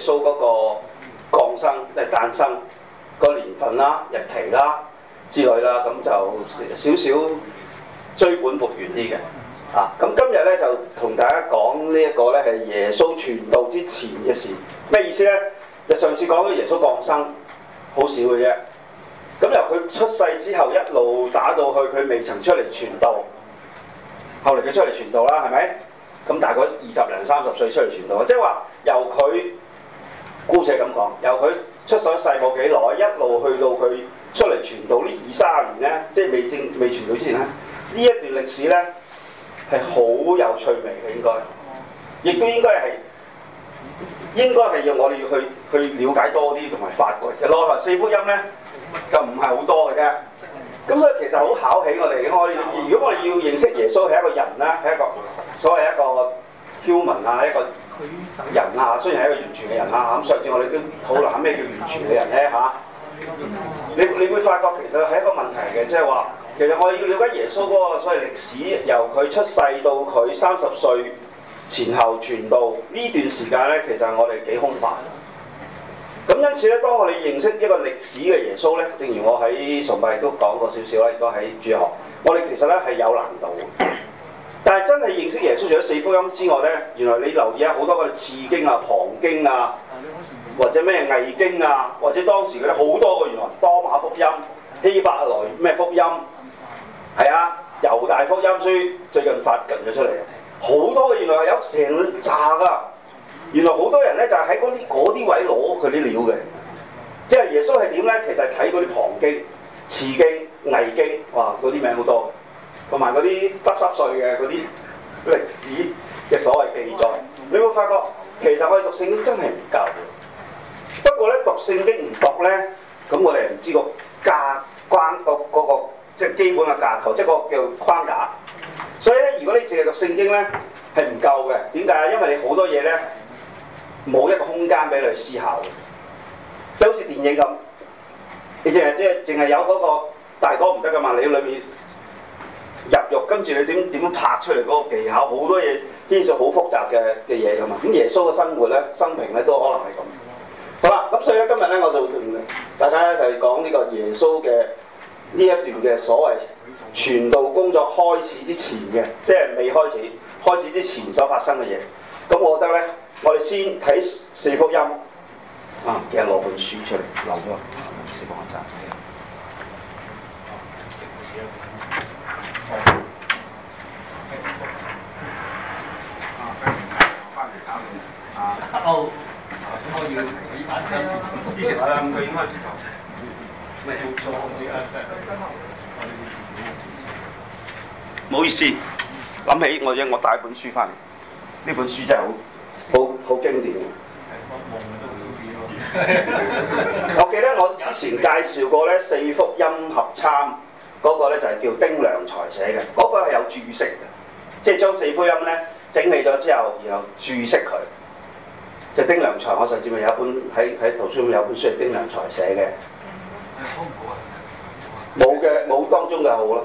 耶穌嗰個降生即係誕生嗰年份啦、日期啦之類啦，咁就少少追本溯源啲嘅。啊，咁今日呢，就同大家講呢一個呢，係耶穌傳道之前嘅事，咩意思呢？就上次講到耶穌降生，好少嘅啫。咁由佢出世之後一路打到去，佢未曾出嚟傳道。後嚟佢出嚟傳道啦，係咪？咁大概二十零三十歲出嚟傳道，即係話由佢。姑且咁講，由佢出所世冇幾耐，一路去到佢出嚟傳道呢二三十年咧，即係未正未傳道之前咧，呢一段歷史咧係好有趣味嘅，應該，亦都應該係應該係要我哋要去去了解多啲，同埋發掘嘅。內台四福音咧就唔係好多嘅啫，咁所以其實好考起我哋，嘅。我哋如果我哋要認識耶穌係一個人啦，係一個所謂一個 human 啊，一個。人啊，雖然係一個完全嘅人啊，咁上次我哋都討論下咩叫完全嘅人呢、啊。嚇、啊。你你會發覺其實係一個問題嘅，即係話其實我哋要了解耶穌嗰個所謂歷史，由佢出世到佢三十歲前後傳道呢段時間呢，其實我哋幾空白。咁因此呢，當我哋認識一個歷史嘅耶穌呢，正如我喺崇拜都講過少少啦，亦都喺主學，我哋其實呢係有難度。但係真係認識耶穌除咗四福音之外咧，原來你留意下好多個次經啊、旁經啊，或者咩偽經啊，或者當時佢哋好多個原來多馬福音、希伯來咩福音，係啊，猶大福音書最近發掘咗出嚟好多原來有成扎噶，原來好多人咧就喺嗰啲嗰啲位攞佢啲料嘅，即係耶穌係點咧？其實睇嗰啲旁經、次經、偽經，哇，嗰啲名好多。同埋嗰啲濕濕碎嘅嗰啲歷史嘅所謂記載，你會發覺其實我哋讀聖經真係唔夠。不過咧，讀聖經唔讀咧，咁我哋唔知個架關、嗰個、嗰個即係基本嘅架構，即係個叫框架。所以咧，如果你淨係讀聖經咧，係唔夠嘅。點解？因為你好多嘢咧冇一個空間俾你去思考。就好似電影咁，你淨係即係淨係有嗰、嗰個大綱唔得噶嘛，你裏面。入獄，跟住你點點拍出嚟嗰個技巧，好多嘢牽涉好複雜嘅嘅嘢噶嘛。咁耶穌嘅生活咧，生平咧都可能係咁。 好啦，咁所以咧今日咧，我就同大家咧就係講呢個耶穌嘅呢一段嘅所謂傳道工作開始之前嘅，即係未開始開始之前所發生嘅嘢。咁我覺得咧，我哋先睇四福音。啊、嗯，其實攞本書出嚟留咗。四個好，唔好意思，諗、哦、起我而家我帶本書翻嚟，呢本書真係好，好好經典。我記得我之前介紹過咧四福音合參，嗰、那個咧就係叫丁良才寫嘅，嗰、那個係有注釋嘅，即係將四福音呢整理咗之後，然後注釋佢。就丁良才，我上次咪有一本喺喺圖書館有，有本書係丁良才寫嘅。冇嘅、嗯，冇、嗯嗯、當中嘅好咯，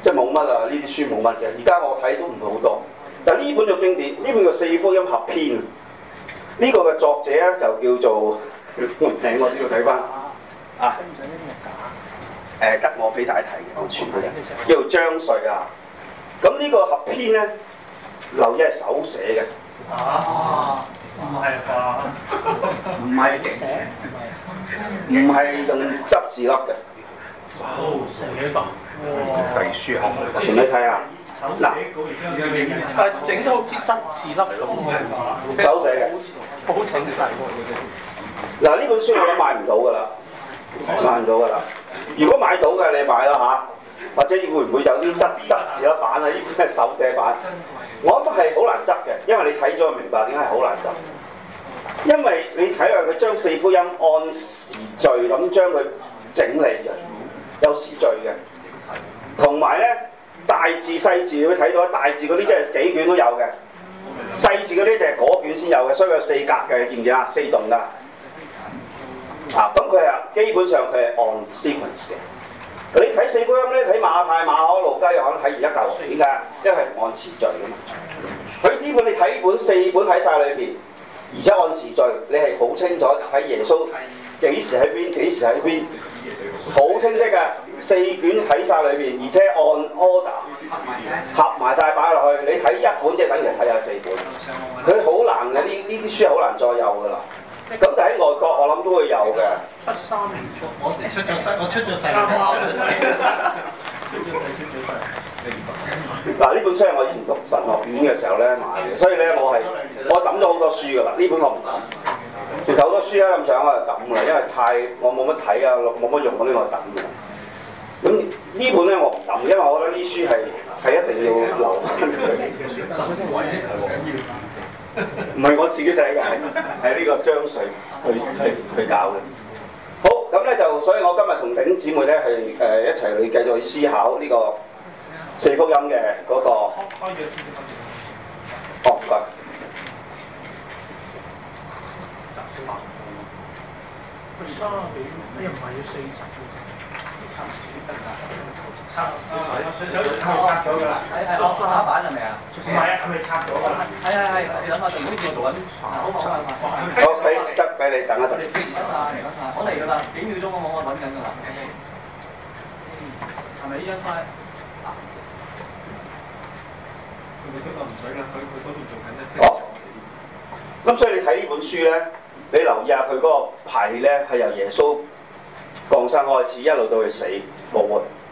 即係冇乜啊！呢啲書冇乜嘅。而家我睇都唔好多。但係呢本就經典，呢本叫《四福音合編》這。呢個嘅作者咧就叫做，唔聽我呢、這個睇翻啊。誒得我俾大家睇嘅，我全部人，叫做張瑞啊。咁、這、呢個合編咧，留意係手寫嘅。啊唔係吧？唔係唔係用執字粒嘅，手寫你睇下。嗱喏，整得好似執字粒咁。的手寫嘅，好清晰。嗱，呢本書我都買唔到噶啦，買唔到噶啦。如果買到嘅，你買啦嚇、啊。或者會唔會有啲執執字粒版啊？呢本係手寫版。我都係好難執嘅，因為你睇咗就明白點解係好難執。因為你睇落去將四福音按時序咁將佢整理嘅，有時序嘅。同埋咧大字細字你會睇到，大字嗰啲即係幾卷都有嘅，細字嗰啲就係嗰卷先有嘅，所以佢有四格嘅，見唔見啊？四棟㗎。啊，咁佢係基本上佢係按 sequence 嘅。你睇四福音咧，睇馬太、馬可、路加，可能睇完一嚿。點解？因為唔按時序啊嘛。佢呢本你睇本四本睇晒裏邊，而且按時序，你係好清楚睇耶穌幾時喺邊，幾時喺邊，好清晰嘅。四卷睇晒裏邊，而且按 order 合埋晒擺落去，你睇一本即係等於睇下四本。佢好難嘅，呢呢啲書好難再有噶啦。咁就喺外國，我諗都會有嘅。七三年我出咗世，我出咗世。嗱，呢本書係我以前讀神學院嘅時候咧買嘅，所以咧我係我抌咗好多書㗎啦。呢本我唔抌，其實好多書咧、啊、咁想，我就抌嘅，因為太我冇乜睇啊，冇乜用，我拎落抌嘅。咁呢本咧我唔抌，因為我覺得呢書係係一定要留。唔係我自己寫嘅，係呢個張水去去去搞嘅。好咁咧，就所以我今日同頂姐妹咧係誒一齊去繼續去思考呢個四福音嘅嗰、嗰個。 哦，唔該。 啊！佢佢佢佢插咗下板係咪啊？唔係啊！佢哋插咗啊！你諗下仲邊度做緊？好，好，好，好，俾得俾你等一陣。我嚟啦，幾秒鐘、嗯、啊，我我搵緊噶啦。係咪呢張牌？佢佢佢佢唔使啦，佢佢嗰邊做緊咧。哦，咁所以你睇呢本書咧，你留意下佢嗰個排列咧，係由耶穌降生開始，一路到佢死復活。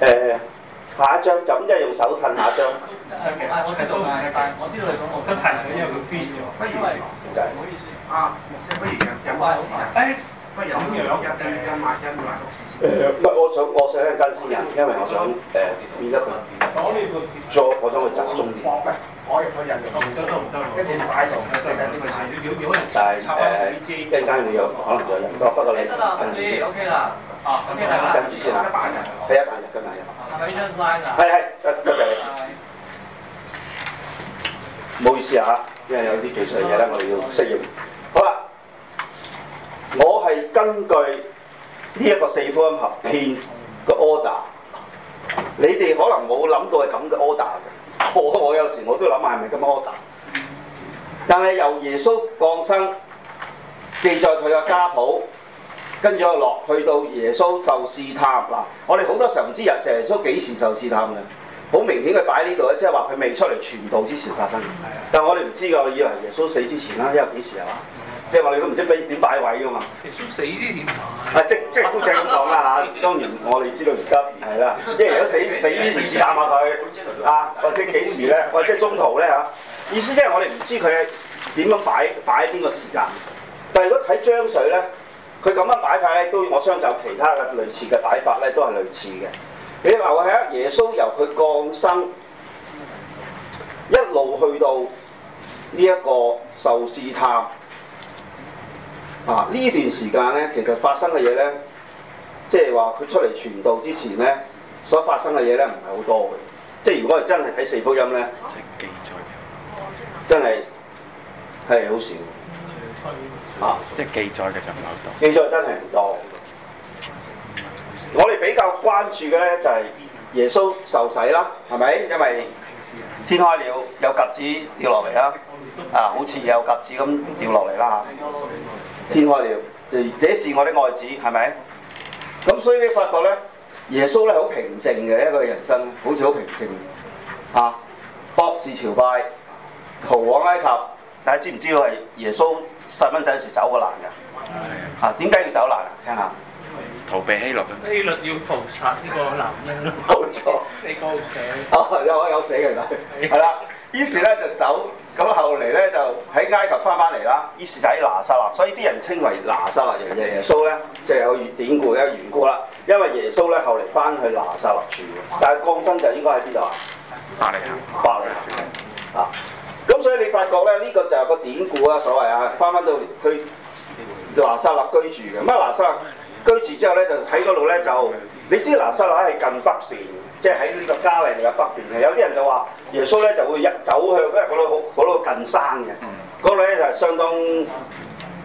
誒下一張就即係用手褪下一張。係我知道你講我跟大，因為佢 feel 唔到。不如點解？唔好意思。啊，不如飲不如一斤，我想我想一陣間先飲，因為我想誒，因為佢我想去集中啲。我唔得，唔得，唔得，跟住擺度，但係誒，一陣間會有可能再入多，不過你 OK 啦。嗯嗯、啊，跟住先啦，係一排日，跟埋入。係係，多謝你。唔是好意思吓，因為有啲技術嘢咧，我哋要適應。好啦，我係根據呢一個四福音合片嘅 order，你哋可能冇諗到係咁嘅 order 嘅。我我有時我都諗下係咪咁嘅 order。但係由耶穌降生記載佢嘅家譜。跟住落去到耶穌受試探嗱，我哋好多時候唔知啊，成日耶穌幾時受試探嘅？好明顯佢擺呢度咧，即係話佢未出嚟傳道之前發生。但係我哋唔知㗎，我以為耶穌死之前啦，因為幾時係嘛？即係話你都唔知畀點擺位㗎嘛？耶穌死之前啊，啊？即即姑且咁講啦嚇，當然我哋知道而家係啦，即係、啊、如果死死之前試探下佢啊，或者幾時咧？或者中途咧嚇、啊？意思即係我哋唔知佢點樣擺擺邊個時間，但係如果睇章水咧。佢咁樣擺法咧，都我相就其他嘅類似嘅擺法咧，都係類似嘅。你話我係啊，耶穌由佢降生一路去到呢一個受試探啊，呢段時間咧，其實發生嘅嘢咧，即係話佢出嚟傳道之前咧，所發生嘅嘢咧，唔係好多嘅。即係如果係真係睇四福音咧，即係記載嘅，真係係好少。啊！即係記載嘅就唔係好多，記載真係唔多。我哋比較關注嘅咧就係、是、耶穌受洗啦，係咪？因為天開了，有鴿子掉落嚟啦，啊，好似有鴿子咁掉落嚟啦嚇。天開了，就這是我的愛子，係咪？咁所以你發覺咧，耶穌咧好平靜嘅一個人生，好似好平靜。嚇、啊，博士朝拜，逃往埃及。大家知唔知道係耶穌？細蚊仔時走過難嘅？嚇，點解要走難啊？聽下逃避希律，希律要屠殺呢個男人，冇錯。你個屋企。有有死嘅佢，係啦。於是咧就走，咁後嚟咧就喺埃及翻返嚟啦。於是就喺拿撒勒，所以啲人稱為拿撒勒人嘅耶穌咧，就有典故啦、緣故啦。因為耶穌咧後嚟翻去拿撒勒住，但係降生就應該喺邊度啊？伯利恆，伯利恆啊！所以你發覺咧，呢、這個就係個典故啊，所謂啊，翻翻到去，去拿撒勒居住嘅。咁啊拿撒勒居住之後咧，就喺嗰度咧就，你知道拿撒勒喺係近北邊，即係喺呢個加利利嘅北邊嘅。有啲人就話耶穌咧就會入走向嗰度，嗰度近山嘅，嗰度咧就係相當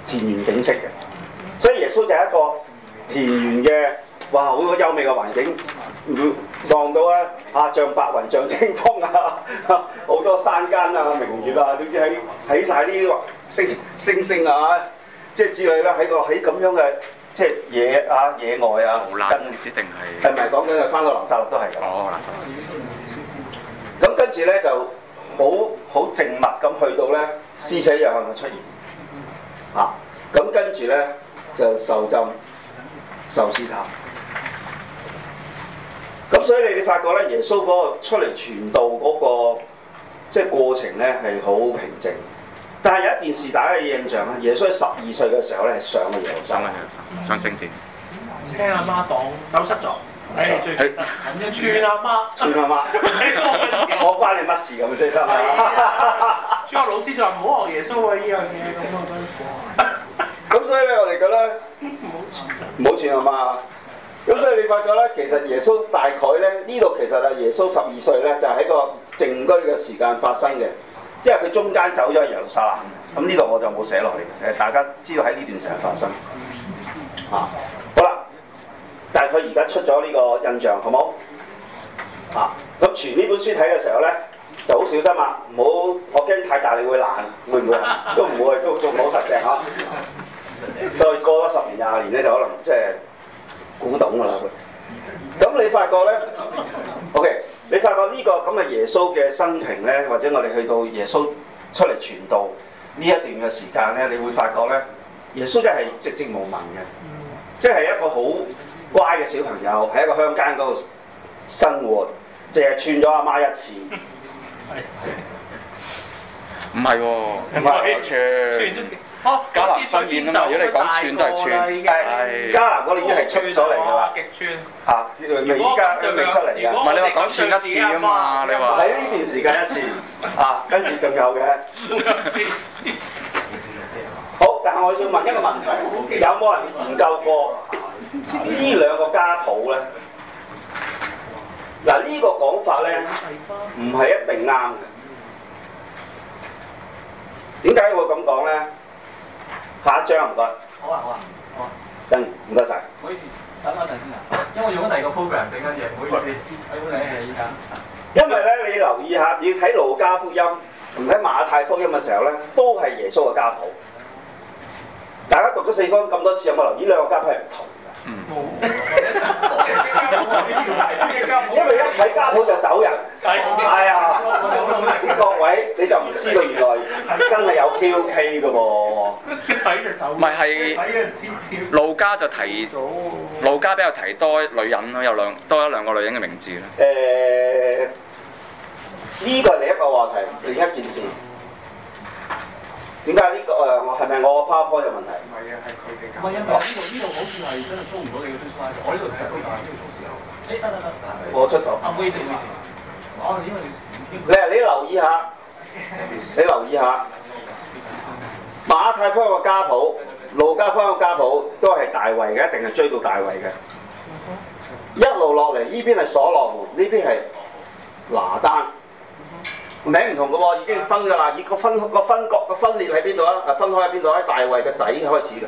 田園景色嘅。所以耶穌就係一個田園嘅，哇，好好優美嘅環境。望到咧，啊，像白雲，像清風啊，好多山間啊，明月啊，總之喺喺曬呢啲星星星啊，即係之類咧，喺個喺咁樣嘅即係野啊野外啊。好冷，意思定係係咪講緊係翻個南沙落都係咁？哦冷，南沙。咁跟住咧就好好靜默咁去到咧，施洗約翰嘅出現啊！咁、啊、跟住咧就受浸受試探。咁所以你哋發覺咧、那個，耶穌嗰個出嚟傳道嗰個即係過程咧係好平靜，但係有一件事大家嘅印象啊，耶穌喺十二歲嘅時候咧上嘅耶上嘅耶穌上聖殿，聽阿、嗯啊、媽講走失咗，誒、哎、最，算阿媽，算阿媽，我關你乜事咁啫，真係。最後老師就話唔好學耶穌啊呢樣嘢。咁所以咧我哋覺得冇錢，冇錢阿媽。咁所以你發覺咧，其實耶穌大概咧呢度其實啊，耶穌十二歲咧就喺、是、個靜居嘅時間發生嘅，因為佢中間走咗耶路撒冷。咁呢度我就冇寫落嚟，誒大家知道喺呢段時間發生嚇。啊、好啦，但係佢而家出咗呢個印象，好冇嚇。咁傳呢本書睇嘅時候咧，就好小心啊，唔好我驚太大你會爛，會唔會？都唔會，都仲好實淨嚇、啊。 再過咗十年廿年咧，就可能即、就、係、是。古董噶啦，咁你發覺咧 ？OK，你發覺呢、呢個咁嘅耶穌嘅生平咧，或者我哋去到耶穌出嚟傳道呢一段嘅時間咧，你會發覺咧，耶穌真係寂寂無聞嘅，即係一個好乖嘅小朋友，喺一個鄉間嗰度生活，淨係串咗阿媽一次，唔係喎，唔係。加南分辨啊嘛！如果你講串都係串，加拿嗰啲已經係出咗嚟噶啦，嚇未？依家都未出嚟噶，唔係你話講串一次啊嘛？你話喺呢段時間一次啊，跟住仲有嘅。好，但係我想問一個問題：有冇人研究過呢兩個家譜咧？嗱、啊，這個、呢個講法咧，唔係一定啱嘅。點解會咁講咧？下一張唔該。好啊好啊好啊。嗯，唔該晒。唔好意思，等我一陣先啊。因為用咗第二個 program 整緊嘢，唔好意思。因為咧，你留意下，你要睇路加福音，同睇馬太福音嘅時候咧，都係耶穌嘅家譜。大家讀咗四福音咁多次，有冇留意兩個家譜係唔同？嗯。 因為一睇家譜就走人，係啊，各位你就唔知道，原來真係有 K O K 噶噃，咪係。盧家就提咗，盧家比較提多女人咯，有兩多一兩個女人嘅名字啦。誒、欸，呢、這個係另一個話題，另一件事。點解呢個誒係咪我 powerpoint 嘅問題？唔係啊，係佢哋唔係因為呢度呢度好似係真係充唔到你嘅 c o 我呢度睇係呢度充少少。你等等我出到。啊？你、呃、係你留意下，你留意下馬太芳嘅家譜，路加芳嘅家譜都係大衛嘅，一定係追到大衛嘅。一路落嚟，呢邊係所羅門，呢邊係拿單。名唔同嘅喎，已經分㗎啦。以個分個分國個分，分，分裂喺邊度啊？分開喺邊度？喺大衛嘅仔開始嘅，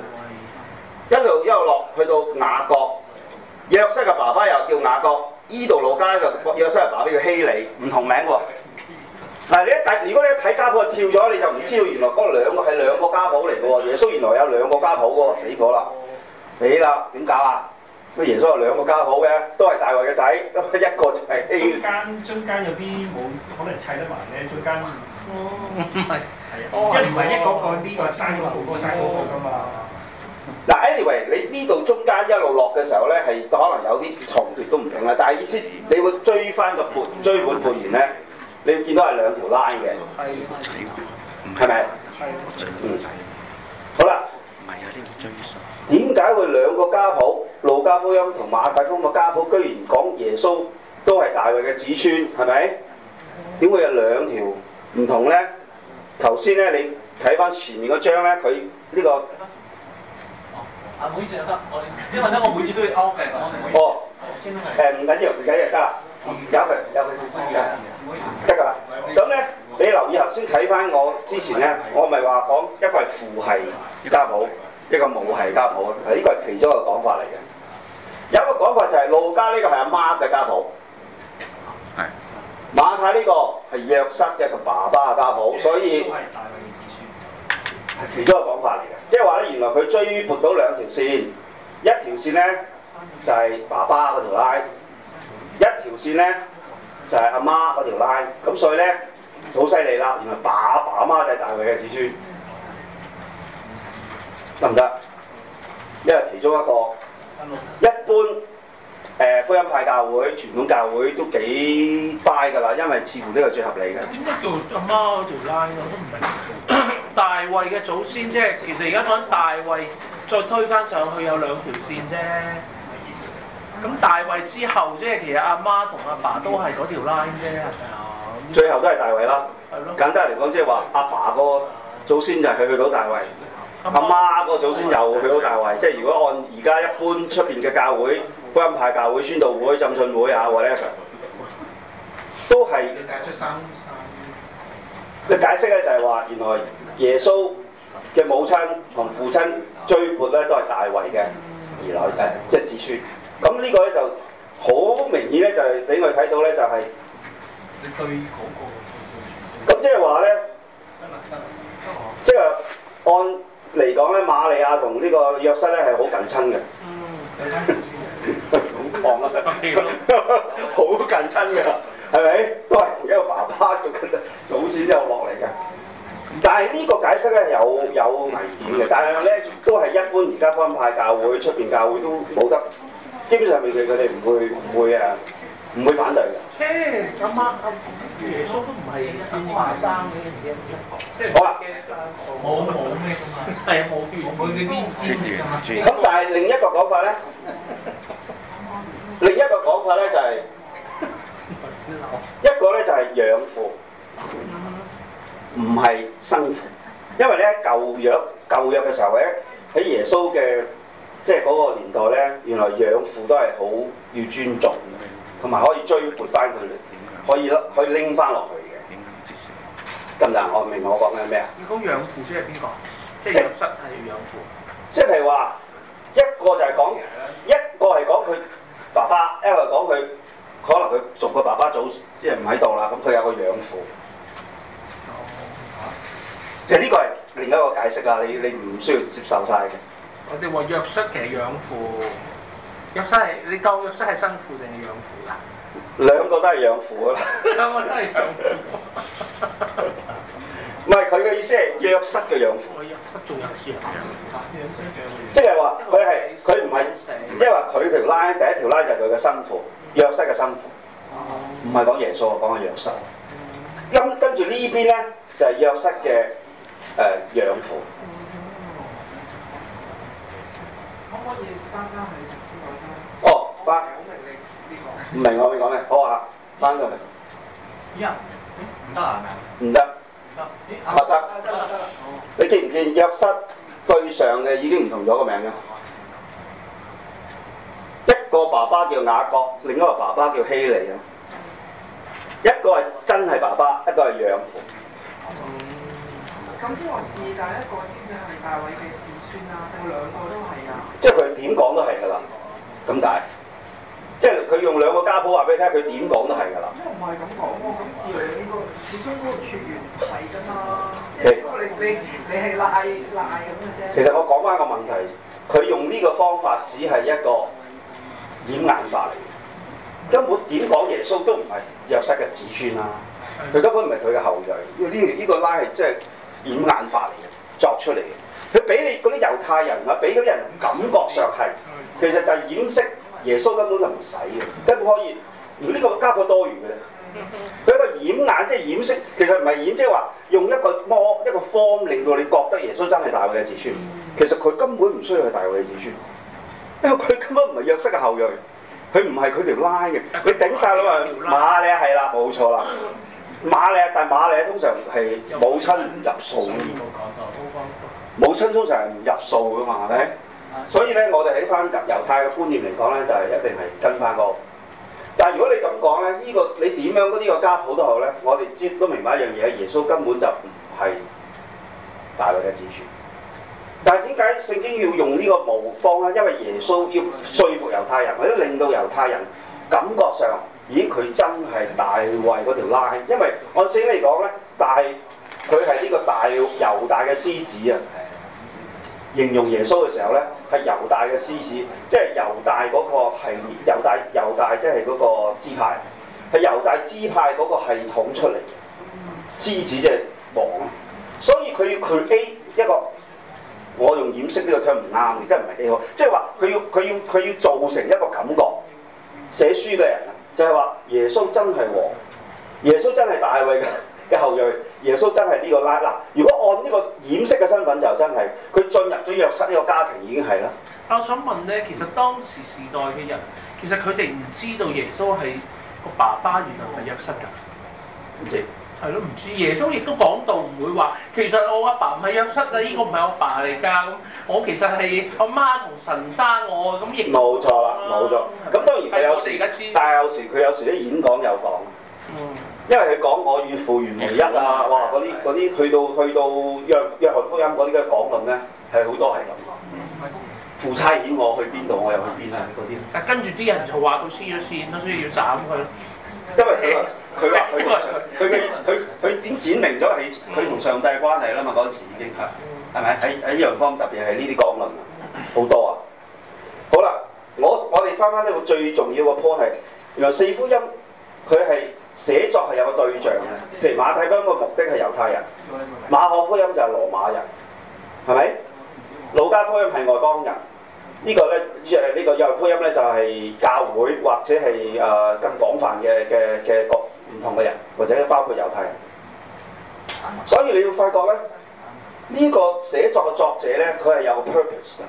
一路一路落去到雅各。約瑟嘅爸爸又叫雅各，呢度路加嘅約瑟嘅爸爸叫希里，唔同名嘅喎。嗱，你一睇，如果你一睇家譜就跳咗，你就唔知道原來嗰兩個係兩個家譜嚟嘅喎。耶穌原來有兩個家譜嘅喎，死火啦，死啦，點搞啊？咩耶穌有兩個家譜嘅，都係大衛嘅仔，一個就係。中間中間有啲冇可能砌得埋嘅，中間哦，唔係，係啊，即係唯一嗰個呢個三個圖嗰三個㗎嘛。嗱，anyway，你呢度中間一路落嘅時候咧，係可能有啲重疊都唔定啦。但係意思你會追翻個盤追盤盤沿咧，你見到係兩條拉嘅，係咪？係？唔使。好啦。點解會兩個家譜？路加福音同馬太福音嘅家譜，居然講耶穌都係大衛嘅子孫，係咪？點會有兩條唔同咧？頭先咧，你睇翻前面嗰張咧，佢呢個啊，每次有得，因為咧我每次都要 o u 哦，誒唔緊要，唔緊要得啦，有佢，有佢先得噶啦。咁咧，你留意頭先睇翻我之前咧，我咪話講一個係父系家譜。一個母系家譜，呢個係其中一個講法嚟嘅。有一個講法就係路加呢個係阿媽嘅家譜，係馬太呢個係約瑟嘅同爸爸嘅家譜，所以係大衛嘅子孫，係其中一個講法嚟嘅。即係話咧，原來佢追撥到兩條線，一條線咧就係爸爸嗰條拉，一條線咧就係阿媽嗰條拉，咁所以咧好犀利啦，原來爸爸阿媽就係大衛嘅子孫。得唔得？因為其中一個 一般誒、呃、福音派教會、傳統教會都幾低噶啦，因為似乎呢個最合理嘅。點解叫阿媽嗰條 line 我都唔明？ 大衛嘅祖先即係其實而家講大衛，再推翻上去有兩條線啫。咁大衛之後即係其實阿媽同阿爸都係嗰條 line 啫，係咪啊？ 最後都係大衛啦。的簡單嚟講，即係話阿爸個祖先就係去到大衛。阿媽個祖先又去到大衞，即係如果按而家一般出邊嘅教會、福音派教會、宣道會、浸信會啊，或者都係。你出三三嘅解釋咧就係話，原來耶穌嘅母親同父親追末咧都係大衞嘅兒女嘅，即、就、係、是、子孫。咁呢個咧就好明顯咧、就是，就係俾我哋睇到咧，就係。咁即係話咧，即係按嚟講咧，瑪利亞同 呢個約瑟咧係好近親嘅。嗯，咁講啊，好近親嘅，係咪？都係一個爸爸做緊，祖先又落嚟嘅。但係呢個解釋咧有有危險嘅，但係咧都係一般而家分派教會出邊教會都冇得，基本上嚟計佢哋唔會唔會啊。唔會反對嘅。誒，阿媽阿耶穌都唔係咁壞生嘅，而家唔一樣。好啦，冇冇咩㗎嘛？但係冇邊個會嗰啲尖住？咁但係另一個講法咧，另一個講法咧就係一個咧就係養父，唔係生父。因為咧舊約舊約嘅時候咧，喺耶穌嘅即係嗰個年代咧，原來養父都係好要尊重。同埋可以追撥翻佢，可以可以拎翻落去嘅。咁但我明白我講緊咩啊？你講養父先係邊個？約瑟係養父。即係譬如話，一個就係講、嗯、一個係講佢爸爸，一個係講佢可能佢做佢爸爸早即係唔喺度啦，咁、嗯、佢有個養父。就呢、是、個係另一個解釋啦，你你唔需要接受晒嘅。我哋話約瑟其實養父，約瑟係你當約瑟係生父定係養父？兩個都係養父啊！ 兩個都係養父。唔係，佢嘅意思係約瑟嘅養父。約瑟仲有即係話佢係佢唔係，即係話佢條拉第一條拉就係佢嘅生父，約瑟嘅生父。唔係講耶穌，講個約瑟。咁、 嗯、跟住呢邊咧就係、是、約瑟嘅誒養父。可唔可以翻返去哦，翻。 唔明我咪講咩？好啊，翻佢。咦啊？唔得唔得。唔得。唔得。唔得。你見唔見約瑟對上嘅已經唔同咗個名啦？一個爸爸叫雅各，另一個爸爸叫希利啊。一個係真係爸爸，一個係養父。咁先係話是但一個先至係大衛嘅子孫啊，定兩個都係啊？即係佢點講都係㗎啦。咁但係，即係佢用兩個家譜話俾你聽，佢點講都係㗎啦。因為唔係咁講喎，咁兩個始終都係血緣㗎嘛。即係你你你係拉拉咁嘅啫。其實我講翻一個問題，佢用呢個方法只係一個掩眼法嚟嘅。根本點講耶穌都唔係約瑟嘅子孫啦。佢根本唔係佢嘅後裔，因為呢呢個拉係即係掩眼法嚟嘅，作出嚟嘅。佢俾你嗰啲猶太人啊，俾嗰啲人感覺上係，其實就係掩飾。耶穌根本就唔使嘅，根本可以如果呢個加個多餘嘅，佢一個掩眼即係掩飾，其實唔係掩，即係話用一個魔一個方令到你覺得耶穌真係大衛嘅子孫。其實佢根本唔需要係大衛嘅子孫，因為佢根本唔係約瑟嘅後裔，佢唔係佢條拉嘅，佢頂晒佬係瑪麗啊，係啦，冇錯啦，瑪麗，但係瑪麗通常係母親唔入數嘅，母親通常係唔入數嘅嘛，係咪？所以咧，我哋喺翻猶太嘅觀念嚟講咧，就係、是、一定係跟翻個。但係如果你咁講咧，呢、這個你點樣嗰呢個家譜都好咧，我哋知都明白一樣嘢，耶穌根本就唔係大衛嘅子孫。但係點解聖經要用呢個模方咧？因為耶穌要説服猶太人，或者令到猶太人感覺上，咦，佢真係大衛嗰條 line。因為按聖經嚟講咧，大佢係呢個大猶大嘅獅子啊。形容耶穌嘅時候咧，係猶大嘅獅子，即係猶大嗰個係猶大猶大即係嗰個支派，係猶大支派嗰個系統出嚟嘅獅子，即係王，所以佢要佢 create 一個，我用掩飾呢個佢唔啱，嘅，即係唔係幾好。即係話佢要佢要佢要造成一個感覺，寫書嘅人啊，就係話耶穌真係王，耶穌真係大位嘅。嘅後裔，耶穌真係呢個拉啦。如果按呢個掩飾嘅身份，就真係佢進入咗約瑟。呢個家庭已經係啦。我想問咧，其實當時時代嘅人，其實佢哋唔知道耶穌係個爸爸原來係約瑟㗎？唔知，係咯，唔知耶穌亦都講到唔會話，其實我阿爸唔係約瑟啊，呢個唔係我爸嚟㗎。咁我其實係阿媽同神生我咁亦冇錯啦，冇錯。咁吧當然佢有時，但係有時佢有時啲演講有講。嗯因為佢講我與父原為一啊，哇！嗰啲啲去到去到約約翰福音嗰啲嘅講論咧，係好多係咁。嗯，父差遣我去邊度，我又去邊啊！嗰啲。但跟住啲人就話佢撕咗線咯，所以要斬佢。因為佢佢佢佢佢佢點展明咗係佢同上帝嘅關係啦嘛？嗰陣時已經係係咪喺喺呢樣方，特別係呢啲講論好多啊！好啦，我我哋翻翻呢個最重要嘅 point 係，原來四福音佢係。寫作係有個對象嘅，譬如馬太福音嘅目的係猶太人，馬可福音就係羅馬人，係咪？路加福音係外邦人，這個、呢、這個咧即呢個約翰福音咧就係教會或者係誒、呃、更廣泛嘅嘅嘅各唔同嘅人，或者包括猶太人。所以你要發覺咧，呢、這個寫作嘅作者咧，佢係有個 purpose 嘅。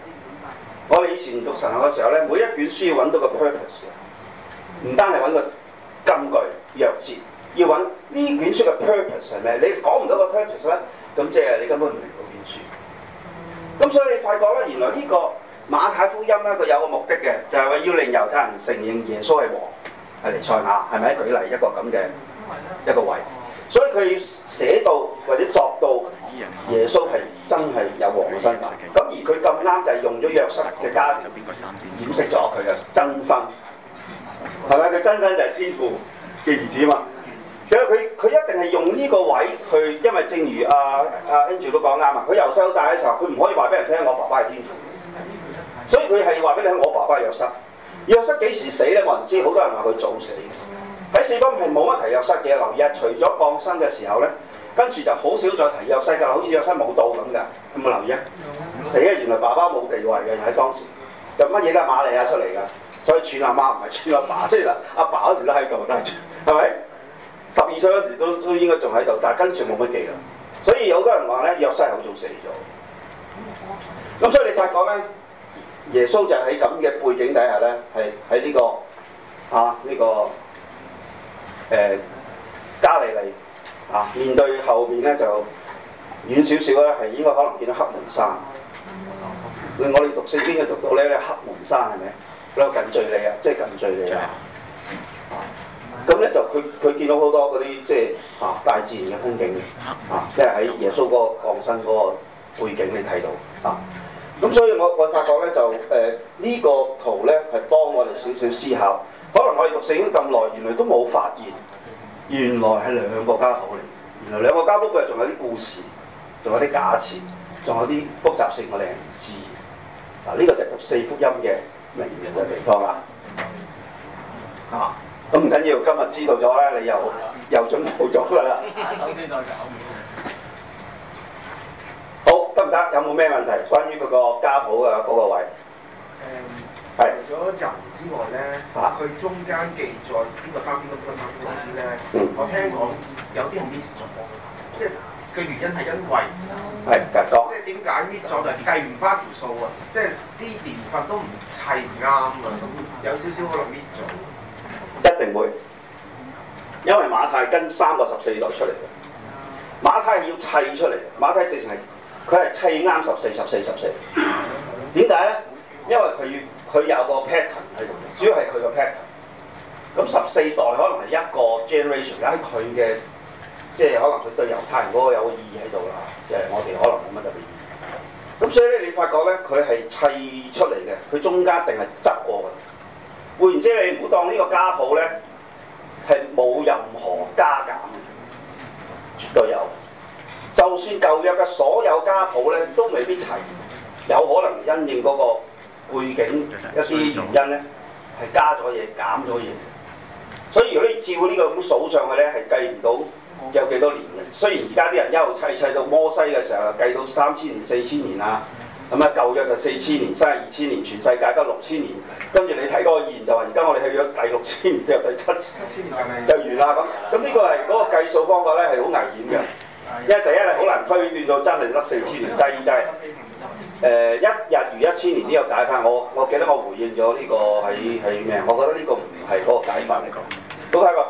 我哋以前讀神學嘅時候咧，每一卷書要揾到個 purpose，唔單係揾個金句。弱節要揾呢卷書嘅 purpose 係咩？你講唔到個 purpose 咧，咁即係你根本唔明嗰卷書。咁所以你發覺咧，原來呢個馬太福音咧，佢有個目的嘅，就係話要令猶太人承認耶穌係王，係彌賽亞，係咪？舉例一個咁嘅一個位，所以佢要寫到或者作到耶穌係真係有王嘅身份。咁而佢咁啱就係用咗約瑟嘅家庭掩飾咗佢嘅真身，係咪？佢真身就係天父。嘅兒子嘛，所以佢佢一定係用呢個位去，因為正如阿阿 Angie 都講啱啊，佢由細到大嘅時候，佢唔可以話俾人聽我爸爸係天父，所以佢係話俾你聽我爸爸係約瑟，約瑟幾時死咧？我唔知，好多人話佢早死。喺四福音係冇乜提約瑟嘅留意啊，除咗降生嘅時候咧，跟住就好少再提約瑟嘅，好似約瑟冇到咁嘅，有冇留意啊？死啊！原來爸爸冇地位嘅喺當時，就乜嘢都係瑪利亞出嚟噶。所以串阿媽唔係串阿爸，爸，雖然啦，阿爸嗰時都喺度，但係，係咪？十二歲嗰時都都應該仲喺度，但係跟住冇乜記啦。所以有個人話咧，約西口仲死咗。咁所以你發覺咧，耶穌就喺咁嘅背景底下咧，係喺呢個啊呢、呢個誒、呃、加利利啊，面對後邊咧就遠少少咧，係應該可能見到黑門山。你、嗯嗯嗯、我哋讀聖經嘅讀到咧黑門山係咪？佢有近距離啊，即係近距離啊。咁咧就佢佢見到好多嗰啲即係啊大自然嘅風景啊，即係喺耶穌嗰個降生嗰個背景你睇到啊。咁所以我我發覺咧就誒呢、呃這個圖咧係幫我哋少少思考，可能我哋讀聖經咁耐，原來都冇發現，原來係兩個家譜嚟，原來兩個家譜佢又仲有啲故事，仲有啲假設，仲有啲複雜性我哋唔知。嗱、啊、呢、這個就係讀四福音嘅。明嘅地方啦，啊，咁唔緊要，今日知道咗咧，你又、啊、又準備 好咗噶啦。首先再講，好得唔得？有冇咩問題？關於嗰個家譜嘅嗰個位，誒、嗯，除咗人之外咧，佢是、啊、中間記載邊個三篇，邊、個三篇，邊啲咧？我聽講有啲人 miss 咗，即係。嘅原因係因為係夾多，即係點解 miss 咗就係計唔翻條數啊！即係啲電費都唔砌唔啱啊！咁有少少可能 miss 咗，一定會，因為馬太跟三個十四代出嚟嘅，馬太係要砌出嚟，馬太直情係佢係砌啱十四十四十四。點解咧？因為佢要佢有個 pattern 喺度，主要係佢個 pattern。咁十四代可能係一個 generation，而係佢嘅。即係可能佢對猶太人嗰個有意義喺度啦，即係我哋可能冇乜特別意義。咁所以咧，你發覺咧，佢係砌出嚟嘅，佢中間定係執過嘅。換言之，你唔好當呢個家譜咧係冇任何加減嘅，絕對有。就算舊約嘅所有家譜咧都未必齊，有可能因應嗰個背景一啲原因咧係加咗嘢、減咗嘢。所以如果你照呢個咁數上去咧，係計唔到。有幾多年嘅？雖然而家啲人一路砌砌到摩西嘅時候計到三千年、四千年啊，咁啊舊約就四千年，新約二千年，全世界得六千年。跟住你睇個言就話，而家我哋去咗第六千年，即係第七千，就完啦咁。咁呢個係嗰個計數方法咧係好危險嘅，因為第一係好難推斷到真係得四千年。第二就係呃，一日如一千年呢個解法，我我記得我回應咗呢個喺喺咩？我覺得呢個唔係嗰個解法嚟講，好睇個。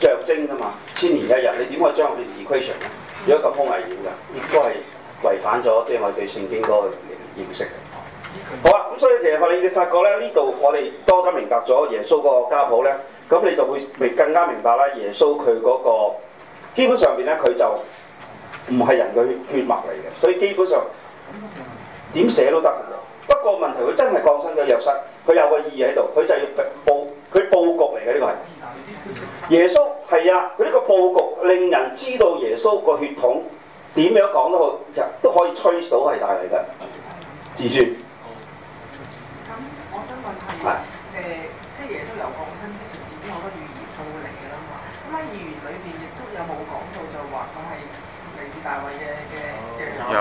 象徵啊嘛，千年一日，你點可以將佢 equation？如果咁好危險嘅，應該係違反咗即係我哋對聖經嗰個認識嘅。好啊，咁所以其實我哋發覺咧，呢度我哋多咗明白咗耶穌個家譜咧，咁你就會明更加明白啦、那個。耶穌佢嗰個基本上邊咧，佢就唔係人嘅血脈嚟嘅，所以基本上點寫都得。不過問題佢真係降生咗耶穌，佢有個意義喺度，佢就要佈佢佈局嚟嘅呢個係。耶穌係啊，佢呢個佈局令人知道耶穌個血統點樣講都好，就都可以吹到係大嚟㗎。自續。咁我想問下誒，即係的耶穌有降生之前點樣好多預言，佢會嚟㗎啦嘛？咁喺預言裏邊亦都有冇講到就話佢係嚟自大衛嘅嘅嘅？有。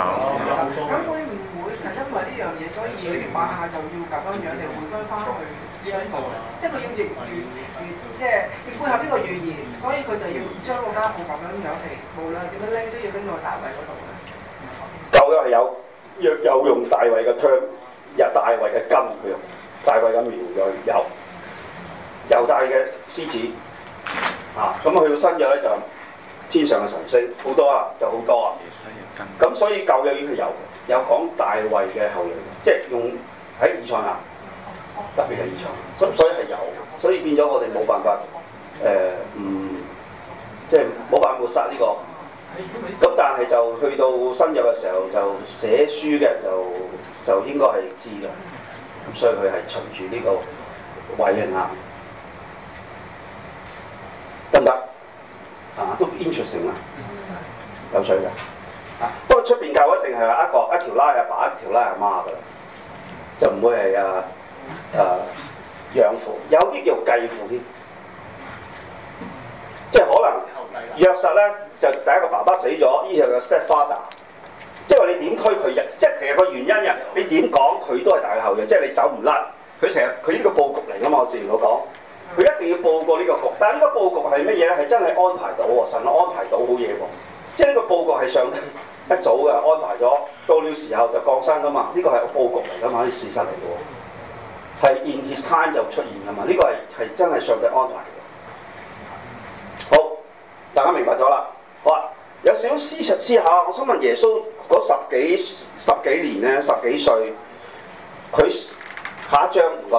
咁、嗯、 會唔會就是，因為呢樣嘢，所以哋馬下就要咁樣樣？定會唔會翻去？即係佢要語語語，即、就、係、是、配合呢個語言，所以佢就要將個家譜咁樣樣嚟，無論點樣拎都要拎到大衛嗰度。舊嘅係有，有有用大衛嘅槍，有大衛嘅根。用大衛嘅苗又有猶大嘅獅子啊！咁去到新嘅咧，就天上嘅神星好多啊，就好多啊！咁、嗯、所以舊嘅已經係有，有講大衛嘅後裔，即係用喺以賽亞。特別係二場，所所以係有，所以變咗我哋冇辦法誒，唔、呃、即係冇辦法殺呢、這個。咁但係就去到深入嘅時候，就寫書嘅人就就應該係知嘅。咁所以佢係循住呢個位去行啊，得唔得啊？都 interesting 啊，有趣嘅。不過出邊教一定係一個一條拉阿爸，一條拉阿媽嘅啦，就唔會係啊。誒養、呃、父有啲叫繼父添，即係可能約實咧就第一個爸爸死咗，呢就個 step father，即係話你點推佢嘅？即係其實個原因啊，你點講佢都係大後人，即係你走唔甩佢成日佢呢個佈局嚟噶嘛？我之前我講佢一定要佈過呢個局，但係呢個佈局係乜嘢咧？係真係安排到喎，神安排到好嘢喎，即係呢個佈局係上帝一早嘅安排咗，到了時候就降生噶嘛？呢、這個係佈局嚟噶嘛？呢事實嚟嘅喎。係 in his time 就出現噶嘛？呢個係係真係上帝安排嘅。好，大家明白咗啦。好啊，有少少思想思考。我想問耶穌嗰十幾十幾年咧，十幾歲，佢下一章唔該。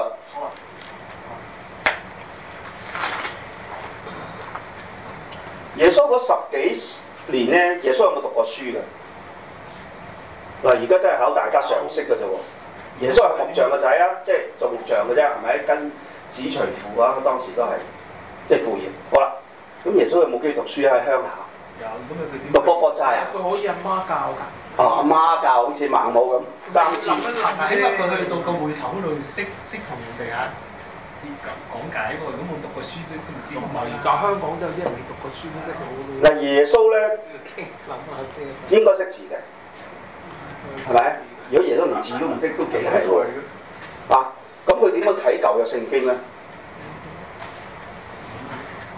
耶穌嗰十幾年咧，耶穌有冇讀過書嘅？嗱，而家真係考大家常識嘅啫喎。耶穌係木匠個仔啊，即係做木匠嘅啫，係咪？跟子隨父啊，當時都係即係父業。好啦，咁耶穌有冇機會讀書喺鄉下。有咁佢點讀波波齋啊？佢可以阿媽教㗎。哦，阿媽教好似盲母咁。生。咁樣行咧，佢去到個會堂度，識識同人哋嚇啲講解喎。咁冇讀過書都知唔知。同埋而家香港都有啲人未讀過書都識到。嗱，耶穌咧 應該識字嘅，係咪？ 如果耶穌連字都唔識都幾係？啊，咁佢點樣睇舊嘅聖經咧？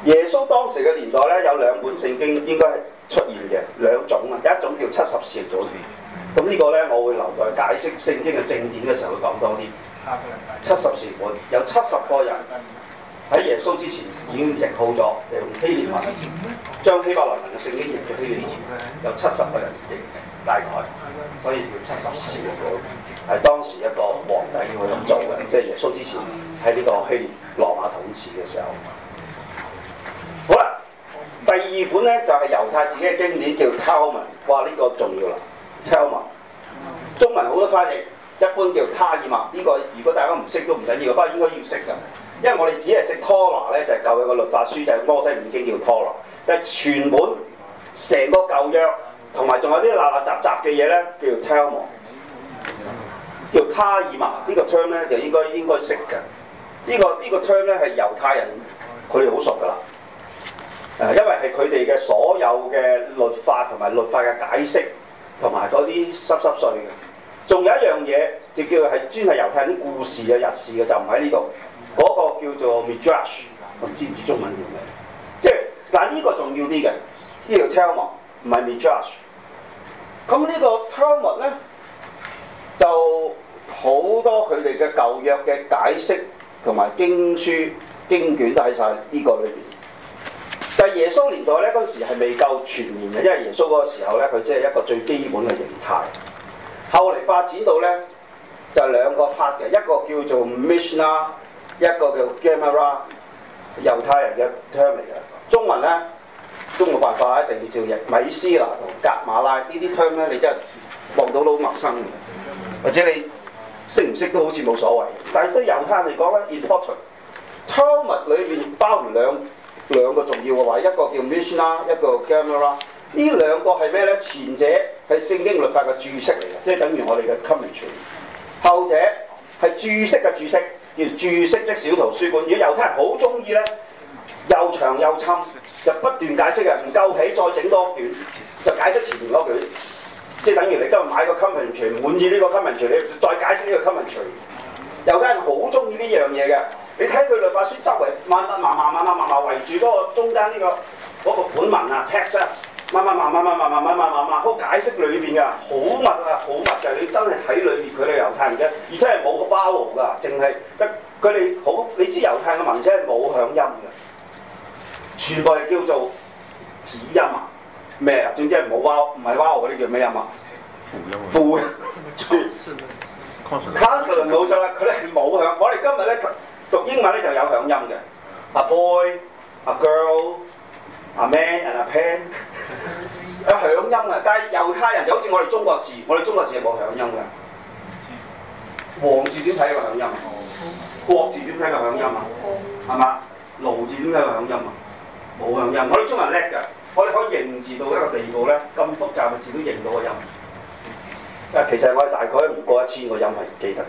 耶穌當時嘅年代咧，有兩本聖經應該係出現嘅兩種啊，一種叫七十士本。咁、啊這個、呢個咧，我會留待解釋聖經嘅正典嘅時候會講多啲。七十士本有七十個人喺耶穌之前已經譯好咗，用希臘文將希伯來文嘅聖經譯做希臘文，有七十個人譯。大概，所以要七十士領簿，係當時一個皇帝要咁做嘅，即係耶穌之前喺呢個希臘羅馬統治嘅時候。好啦，第二本咧就係、是、猶太自己嘅經典叫《Talmud》，哇！呢、呢個重要啦，《Talmud》中文好多翻譯，一般叫《他爾文》。呢個如果大家唔識都唔緊要，不過應該要識㗎，因為我哋只係識《托拉》咧，就係舊有個律法書，就係《摩西五經》叫《托拉》，但係全本成個舊約。同埋仲有啲垃垃雜雜嘅嘢咧，叫 Talmud 叫卡爾瑪呢個 term 咧就應該應該識嘅。呢、這個呢、這個 term 咧係猶太人佢哋好熟噶啦。誒，因為係佢哋嘅所有嘅律法同埋律法嘅解釋，同埋嗰啲濕濕碎嘅。仲有一樣嘢就叫係專係猶太人啲故事嘅日事嘅，就唔喺呢度。嗰、那個叫做 midrash，我唔知唔知中文叫咩？即係但呢個重要啲嘅呢條 Talmud 唔係咪 Josh 咁呢個 Talmud 咧就好多佢哋嘅舊約嘅解釋同埋經書經卷都喺晒呢個裏邊。但係耶穌年代咧嗰時係未夠全面嘅，因為耶穌嗰個時候咧佢即係一個最基本嘅形態。後嚟發展到咧就兩、是、個 part 嘅，一個叫做 Mishnah 一個叫 Gemara 猶太人嘅 Talmud 嚟嘅，中文咧。都冇辦法，一定要照日米斯拿同格馬拉呢啲 term 咧，你真係望到都好陌生嘅。或者你識唔識都好似冇所謂。但係對猶太人嚟講咧，important。抄物裏邊包含兩兩個重要嘅位，一個叫 Mishnah 啦，一個 Gemara。呢兩個係咩咧？前者係聖經律法嘅注釋嚟嘅，即係等於我哋嘅 commentary。後者係注釋嘅注釋，要注釋即小圖書館。如果猶太人好中意咧。又長又深、哎，就不斷解釋嘅，唔夠起再整多段，就解釋前面嗰段，即係等於你今日買個 comment 集，滿意呢個 comment 你再解釋呢個 comment 集。有啲人好中意呢樣嘢嘅，你睇佢律法書周圍密密麻麻、密密麻麻圍住嗰個中間呢個嗰本文啊 text 啊，密密麻麻、密密麻麻、密密麻麻好解釋裏邊嘅，好密啊，好密嘅。你真係睇裏邊佢哋猶太人嘅，而且係冇個 bow 嘅，淨係得佢哋好。你知猶太嘅文字係冇響音嘅。全部係叫做子音啊，咩啊？總之係冇挖，唔係挖河嗰啲叫咩音啊？啊， 音啊。 輔。consonant u 冇錯啦，佢咧係冇響。我哋今日咧讀英文咧就有響音嘅。啊 boy，啊 girl，啊 man，啊 pan，啊響音啊。但猶太人就好似我哋中國字，我哋中國字係冇響音嘅。王字點睇個響音啊？國字點睇個響音啊？係嘛？奴字點睇個響音啊？冇響音，我哋中文叻㗎，我哋可以認字到一個地步咧，咁複雜嘅字都認到個音。但其實我哋大概唔過一千個音係記得嘅。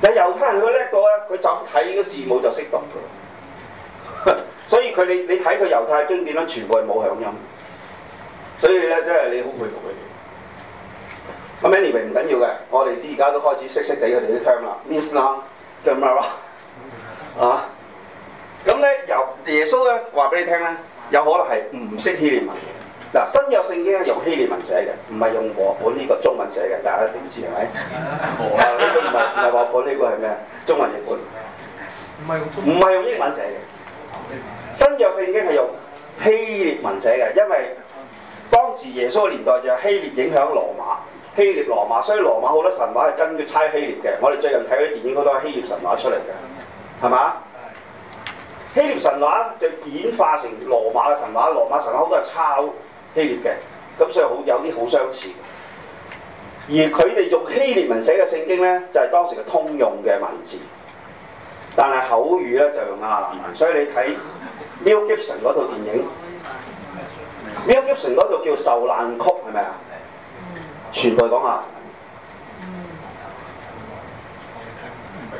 但係猶太人佢叻過咧，佢就睇嗰字母就識讀㗎啦。所以佢哋，你睇佢猶太經典咧，全部係冇響音。所以咧，真係 anyway, 係你好佩服佢哋。咁 anyway 唔緊要嘅，我哋而家都開始識識畀佢哋啲聽啦，miss 啦，做咩話？耶穌咧話俾你聽咧，有可能係唔識希臘文。嗱，新約聖經係用希臘文寫嘅，唔係用和本呢、這個中文寫嘅，大家一定知係咪？呢、啊、種唔係唔係和本呢個係咩？中文譯本，唔係用英文寫嘅。新約聖經係用希臘文寫嘅，因為當時耶穌嘅年代就係希臘影響羅馬，希臘羅馬，所以羅馬好多神話係根據猜希臘嘅。我哋最近睇嗰啲電影，好多係希臘神話出嚟嘅，係嘛？希臘神話就演化成羅馬神話，羅馬神話好多係抄希臘嘅，咁所以好有啲好相似。而佢哋用希臘文寫嘅聖經咧，就係、是、當時嘅通用嘅文字，但係口語咧就用亞蘭文。所以你睇 Mel Gibson 嗰套電影 Mel Gibson 嗰套叫《受難曲》，係咪啊？全句講下。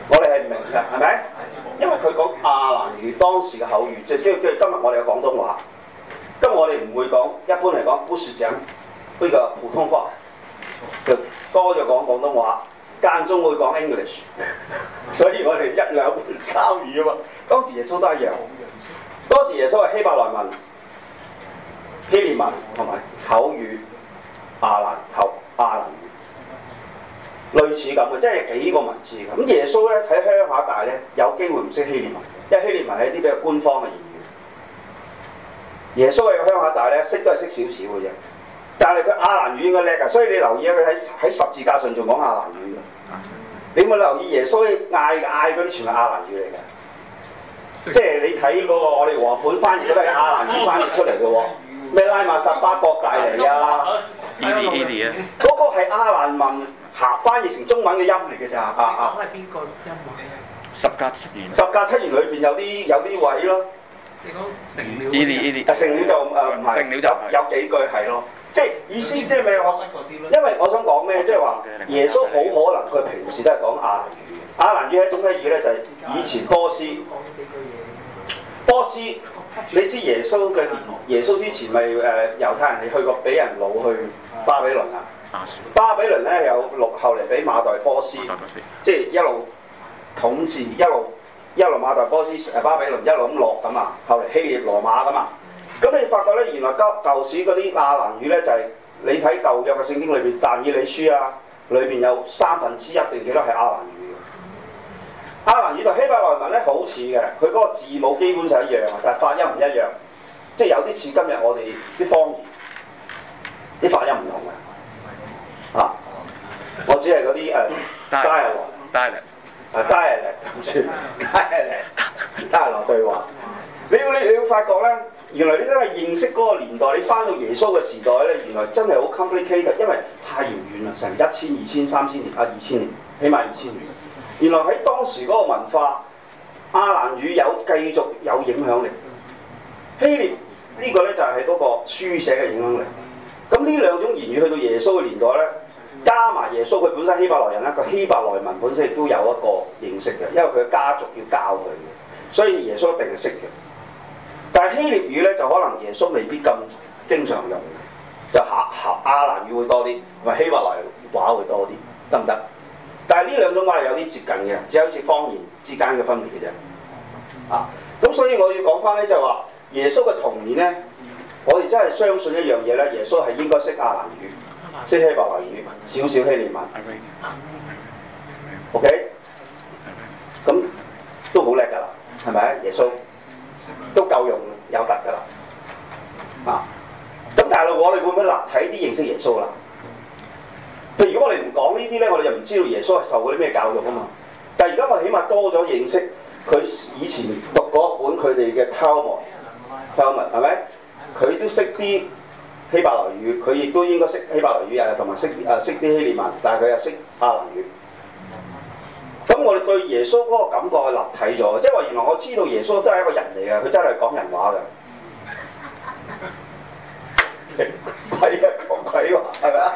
我哋係唔明嘅，係咪？因為佢講亞蘭語當時嘅口語，即即係今日我哋嘅廣東話。咁我哋唔會講，一般嚟講，古時講呢個普通話，就多咗講廣東話，間中會講 English。所以我哋一兩文三語啊嘛。當時耶穌都係一樣。當時耶穌係希伯來文、希利文同埋口語亞蘭口亞蘭語。類似咁嘅，即係幾個文字咁。耶穌咧喺鄉下大咧，有機會唔識希臘文，因為希臘文係一啲比較官方嘅言語。耶穌喺鄉下大咧，識都係識少少嘅啫。但係佢亞蘭語應該叻㗎，所以你留意啊，佢喺喺十字架上仲講亞蘭語嘅。你有冇留意耶穌嗌嗌嗰啲全部係亞蘭語嚟嘅？即係你睇嗰個我哋和合本翻譯都係亞蘭語翻譯出嚟嘅喎。咩拉馬撒巴各大尼啊？阿迪阿迪嗰個係亞蘭文。嚇！翻譯成中文嘅音嚟嘅咋？啊啊！講係邊個音位咧？十架七言十架七言裏邊有啲有啲位咯。你講成鳥？呢啲呢啲。成鳥就誒唔係。成鳥就有有幾句係咯。即係意思即係咩？我因為我想講咩，即係話耶穌好可能佢平時都係講亞蘭語。亞蘭語係一種咩語咧？就係以前波斯。講幾句嘢。波斯你知耶穌嘅年？耶穌之前咪誒猶太人係去過俾人擄去巴比倫啊？巴比倫咧有六，後嚟俾馬代波斯，斯即係一路統治，一路一路馬代波斯誒巴比倫一路咁落咁啊，後嚟希臘羅馬咁啊，咁你發覺咧原來舊舊時嗰啲亞蘭語咧就係、是、你睇舊約嘅聖經裏邊但以理書啊，裏邊有三分之一定幾多係亞蘭語嘅？亞蘭語同希伯來文咧好似嘅，佢嗰個字母基本上一樣，但發音唔一樣，即係有啲似今日我哋啲方言啲發音唔同嘅。啊！我只係嗰啲誒加人王加人，啊加人嚟，咁住加加人王，王，王，王對話。你要你你要發覺咧，原來你真係認識嗰個年代，你翻到耶穌嘅時代咧，原來真係好 complicated，因為太遙遠啦，成一千二千三千年啊，二千年起碼二千年。原來喺當時嗰個文化，阿蘭語有繼續有影響力。希臘呢、這個咧就係嗰個書寫嘅影響力。咁呢兩種言語去到耶穌嘅年代呢，加埋耶穌佢本身希伯來人咧，佢希伯來文本身亦都有一個認識嘅，因為佢嘅家族要教佢嘅，所以耶穌一定係識嘅。但係希臘語呢，就可能耶穌未必咁經常用嘅，就合合亞蘭語會多啲，或希伯來話會多啲，得唔得？但係呢兩種話係有啲接近嘅，只係好似方言之間嘅分別嘅啫。啊，咁所以我要講翻呢，就係話耶穌嘅童年呢。我哋真係相信一樣嘢呢，耶穌係應該識亞蘭語、識希伯來語、少少希臘文，OK？咁都好叻㗎啦，係咪？吧耶穌都夠用、有得㗎啦，啊！咁大陸我哋會唔會立體啲認識耶穌啦？譬如如果我哋唔講呢啲呢，我哋就唔知道耶穌係受過啲咩教育啊嘛。但係而家我哋起碼多咗認識佢以前讀過一本佢哋嘅《湯文》，湯文係咪？佢都識啲希伯來語，佢亦都應該識希伯來語啊，同埋識啊識啲希臘文，但係佢又識亞蘭語。咁我哋對耶穌嗰個感覺係立體咗，即係話原來我知道耶穌都係一個人嚟嘅，佢真係講人話嘅。鬼啊，講鬼話係咪啊？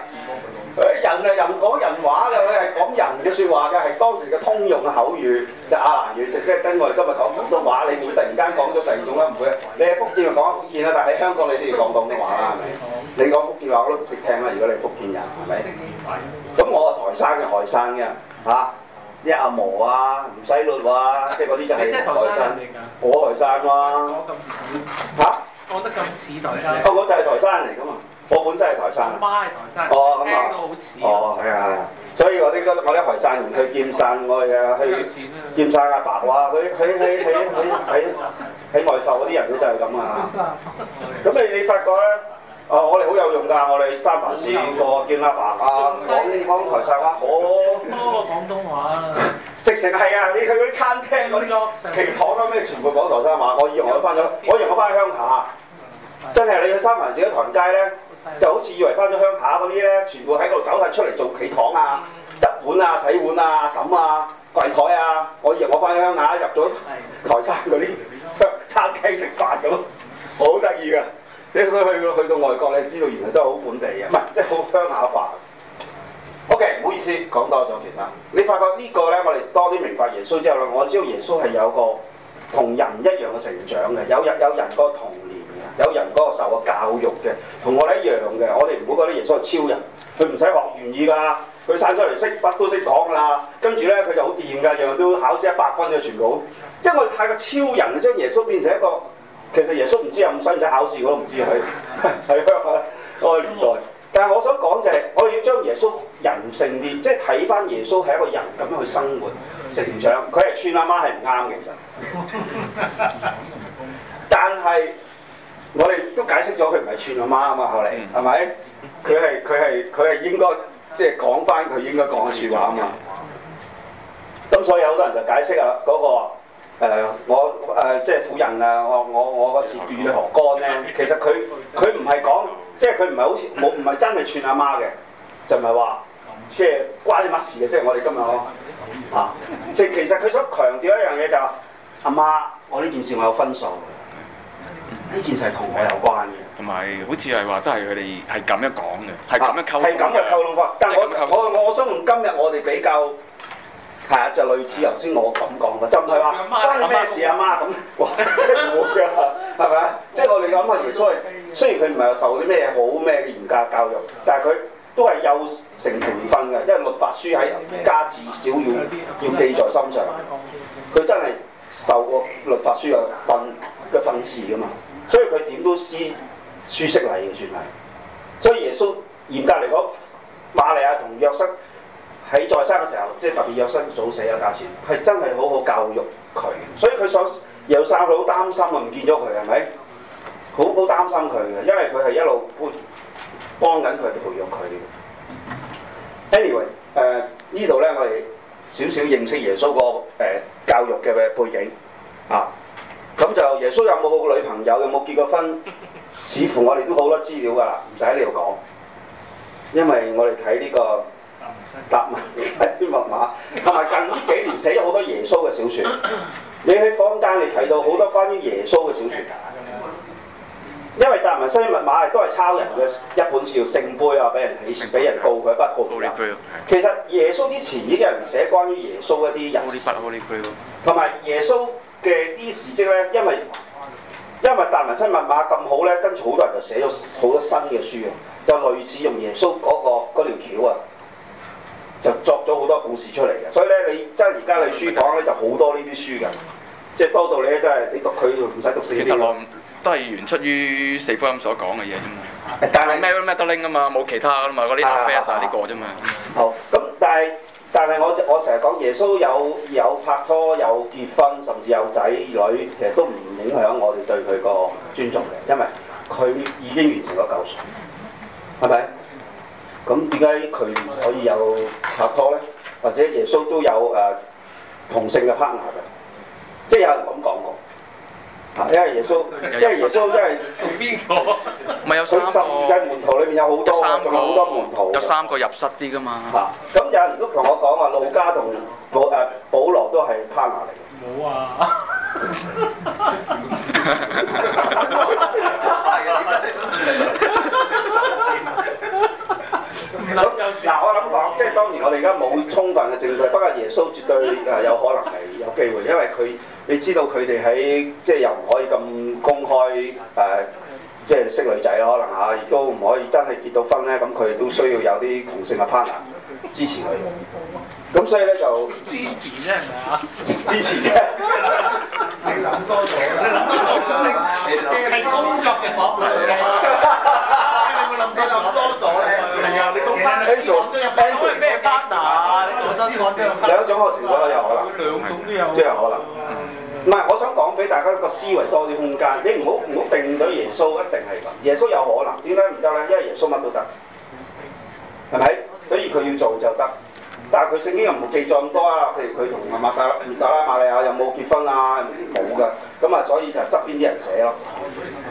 人係人講人話嘅，佢係講人嘅説話嘅，係當時嘅通用口語。就阿蘭語，即係跟我哋今日講普通話，你唔會突然間講咗第二種啦，唔會。你喺福建就講福建啦，但喺香港你都要講廣東話啦，係咪？你講福建話我都唔識聽啦。如果你係福建人，係咪？咁我係台山嘅、啊啊啊、台山嘅，嚇，啲阿毛啊，唔使㗎喎，即係嗰啲就係台山我台山啦，嚇？講得咁似台山。哦，我就係台山嚟㗎嘛。我本身係台山，我媽係台山，聽都好似。哦，係啊係啊，所以、oh, yeah. so, 我啲我啲台山人去劍山，我哋啊去劍山阿、啊啊、爸哇、啊，佢喺佢佢佢睇睇外埠嗰啲人都就係咁啊咁 對你你發覺咧，哦、啊，我哋好有用㗎，我哋三藩市過見阿爸啊，講講台山話好多過廣東話 直情係啊，你去嗰啲餐廳嗰啲，企堂咩全部講台山話。我以為我翻咗，我以為我翻去鄉下，真係你去三藩市嘅唐街咧。 就好似以為翻咗鄉下嗰啲咧，全部喺嗰度走晒出嚟做企堂啊、執碗啊、洗碗啊、嬸啊、櫃台啊。我以為我翻咗鄉下入咗台山嗰啲餐廳食飯咁，好得意噶。你所以去到外國，你知道原來都係好本地嘅，唔係即係好鄉下化。OK，唔好意思講多咗啲啦。你發覺個呢個咧，我哋多啲明白耶穌之後咧，我知道耶穌係有個同人一樣嘅成長嘅，有有有人個同。有人嗰個受過教育嘅，同我哋一樣嘅。我哋唔好覺得耶穌係超人，佢唔使學願意㗎，佢生出嚟識乜都識講㗎啦。跟住呢，佢就好掂㗎，樣樣都考試一百分嘅全部。因為我哋太過超人，將耶穌變成一個，其實耶穌唔知有唔使唔使考試我都唔知佢喺咩個年代。但係我想講就係，我哋要將耶穌人性啲，即係睇翻耶穌係一個人咁樣去生活。成長佢係串阿媽係唔啱嘅，其實。但係。我哋都解釋咗佢唔係串阿媽啊嘛，後嚟係咪？佢係佢係佢係應該即係講翻佢應該講嘅説話啊嘛。咁所以好多人就解釋啊，嗰、那個我誒即係婦人啊，我、呃、我我個事與何干咧？其實佢佢唔係講，即係佢唔係好似冇唔係真係串阿媽嘅，就唔係話即係關你乜事嘅。即係我哋今日哦啊，即係其實佢想強調一樣嘢就係阿媽，我呢件事我有分數。呢件事係同我有關嘅，同埋好似係話都係佢哋係咁樣講嘅，係咁樣溝，係咁嘅溝通法。但係我但我我相信今日我哋比較係啊，就類似頭先我咁講嘅，就唔係話關你咩事啊媽咁媽。媽媽哇，即係冇㗎，係咪啊？即係我哋講啊，耶穌係雖然佢唔係受啲咩好咩嚴格教育，但係佢都係有成成分嘅，因為律法書喺家至少院要記在心上。佢真係受過律法書嘅訓嘅訓示㗎嘛？所以佢點都思舒適嚟嘅算係，所以耶穌嚴格嚟講，瑪利亞同約瑟喺在生嘅時候，即係特別約瑟早死啊，家姐，係真係好好教育佢，所以佢所約瑟好擔心啊，唔見咗佢係咪？好好擔心佢嘅，因為佢係一路幫幫緊佢培養佢。Anyway，誒、呃、呢度咧，我哋少少認識耶穌個誒教育嘅背景啊。咁就耶穌有冇個女朋友，有冇結過婚？ 似乎我哋都好多資料噶啦，唔使喺呢度講。因為我哋睇呢個《達文，文西密碼》，同埋近呢幾年寫咗好多耶穌嘅小説。 你喺坊間你睇到好多關於耶穌嘅小説，因為《達文西密碼》都係抄人嘅一本叫《聖杯》啊，俾人起事，俾人告佢不告。 其實耶穌之前已經有人寫關於耶穌一啲人，同埋 耶穌。嘅啲事蹟咧，因為因為達文西密碼咁好咧，跟住好多人就寫咗好多新嘅書啊，就類似用耶穌嗰個嗰條橋啊，就作咗好多故事出嚟嘅。所以咧，你真係而家你書房咧，就好多呢啲書㗎，即係多到你真係你讀佢就唔使讀四。其實都係源出於四福音所講嘅嘢啫嘛。但係 Mary Magdalene 啊嘛，冇其他㗎嘛，嗰啲阿菲斯啊啲個啫嘛。好，咁但係。但係我我成日講耶穌有有拍拖有結婚甚至有仔女，其實都唔影響我哋對佢個尊重嘅，因為佢已經完成咗救贖，係咪？咁點解佢唔可以有拍拖呢？或者耶穌都有誒、啊、同性嘅 partner 嘅？即係有人咁講過。因為耶穌，因為耶穌真係邊誰個？咪有十二門徒裏面有好多，仲好多門徒，有三個入室啲噶嘛？咁、啊、有人都同我講話，路加同保誒保羅都係 partner 嚟。冇啊！嗱夠、 啊，我諗講，即係當然我哋而家冇充分嘅證據，不過耶穌絕對誒有可能係有機會，因為佢。你知道佢哋喺即係又唔可以咁公開誒，即係識女仔咯，可能嚇，亦都唔可以真係結到婚咧。咁佢都需要有啲同性嘅 partner 支持佢。咁所以咧就支持啫嚇，支持啫。你諗多咗，你諗多咗。係工作嘅夥伴。你會諗到咁多咗咧？係啊，你都唔可以做。Andrew 咩 partner？兩種愛情都有可能。兩種都有。即係可能。唔係，我想講俾大家個思維多啲空間。你唔好唔好定咗耶穌一定係咁，耶穌有可能點解唔得咧？因為耶穌乜都得，係咪？所以佢要做就得。但係佢聖經又唔記載咁多啦。譬如佢同阿瑪大、抹大拉馬利亞有冇結婚啊？冇㗎。咁啊，所以就側邊啲人寫咯。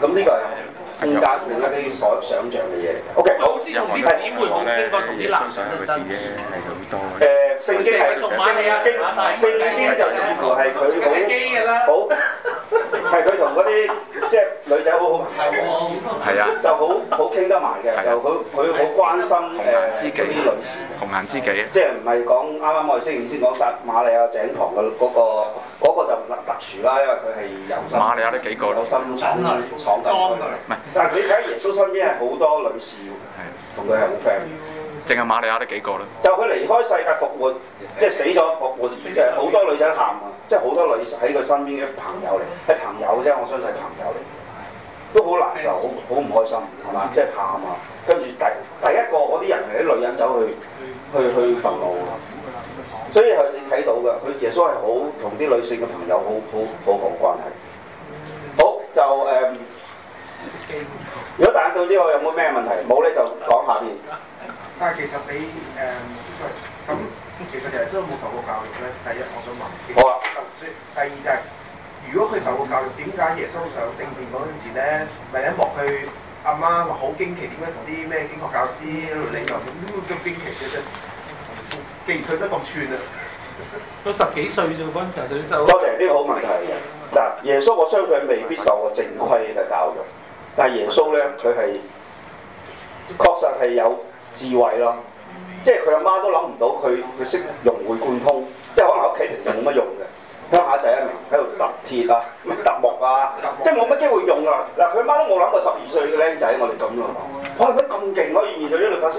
咁呢個係空間，另一啲所想象嘅嘢嚟嘅。O K，好，係姊妹同經同啲男嘅事啫，多、嗯。聖經係聖經，聖經就似乎係佢好好，係佢同嗰啲即係女仔好好朋友，係啊，就好好傾得埋嘅，就好佢好關心自己啲女士，紅顏知己，即係唔係講啱啱我哋先先講撒瑪利亞井旁嘅嗰個嗰個就特殊啦，因為佢係有心有心腸，闖入闖入，唔係，但係佢喺耶穌身邊係好多女士，同佢係好 friend。淨係瑪利亞得幾個啦？就佢離開世界復活，即係死咗復活，即係好多女仔喊啊！即係好多女喺佢身邊嘅朋友嚟，係朋友啫，我相信係朋友嚟，都好難受，好好唔開心，係嘛？即係喊啊！跟住第第一個嗰啲人係啲女人走去，去去憤怒。所以佢你睇到㗎，佢耶穌係好同啲女性嘅朋友好好好好關係。好就誒、呃，如果大家對呢個有冇咩問題？冇咧就講下邊。但係其實你誒，咁、嗯、其實耶穌有冇受過教育咧？第一，我想問。好啊的。第二就係、是，如果佢受過教育，點解耶穌上聖殿嗰陣時咧，咪一幕佢阿媽話好驚奇，點解同啲咩經學教師理由咁驚奇嘅啫？竟 然退得咁串啊！都十幾歲啫，嗰陣時想受。多謝呢個、這個、好問題。嗱，耶穌我相信未必受過正規嘅教育，但係耶穌咧，佢係確實係有。智慧咯，即係佢阿媽都諗唔到佢，佢識融會貫通，即係可能屋企平時冇乜用嘅，鄉下仔啊，喺度揼鐵啊，唔揼木啊，木即係冇乜機會用啊。嗱，佢阿媽都冇諗過十二歲嘅僆仔，我哋咁樣講，哇，乜咁勁可以面對啲律法師，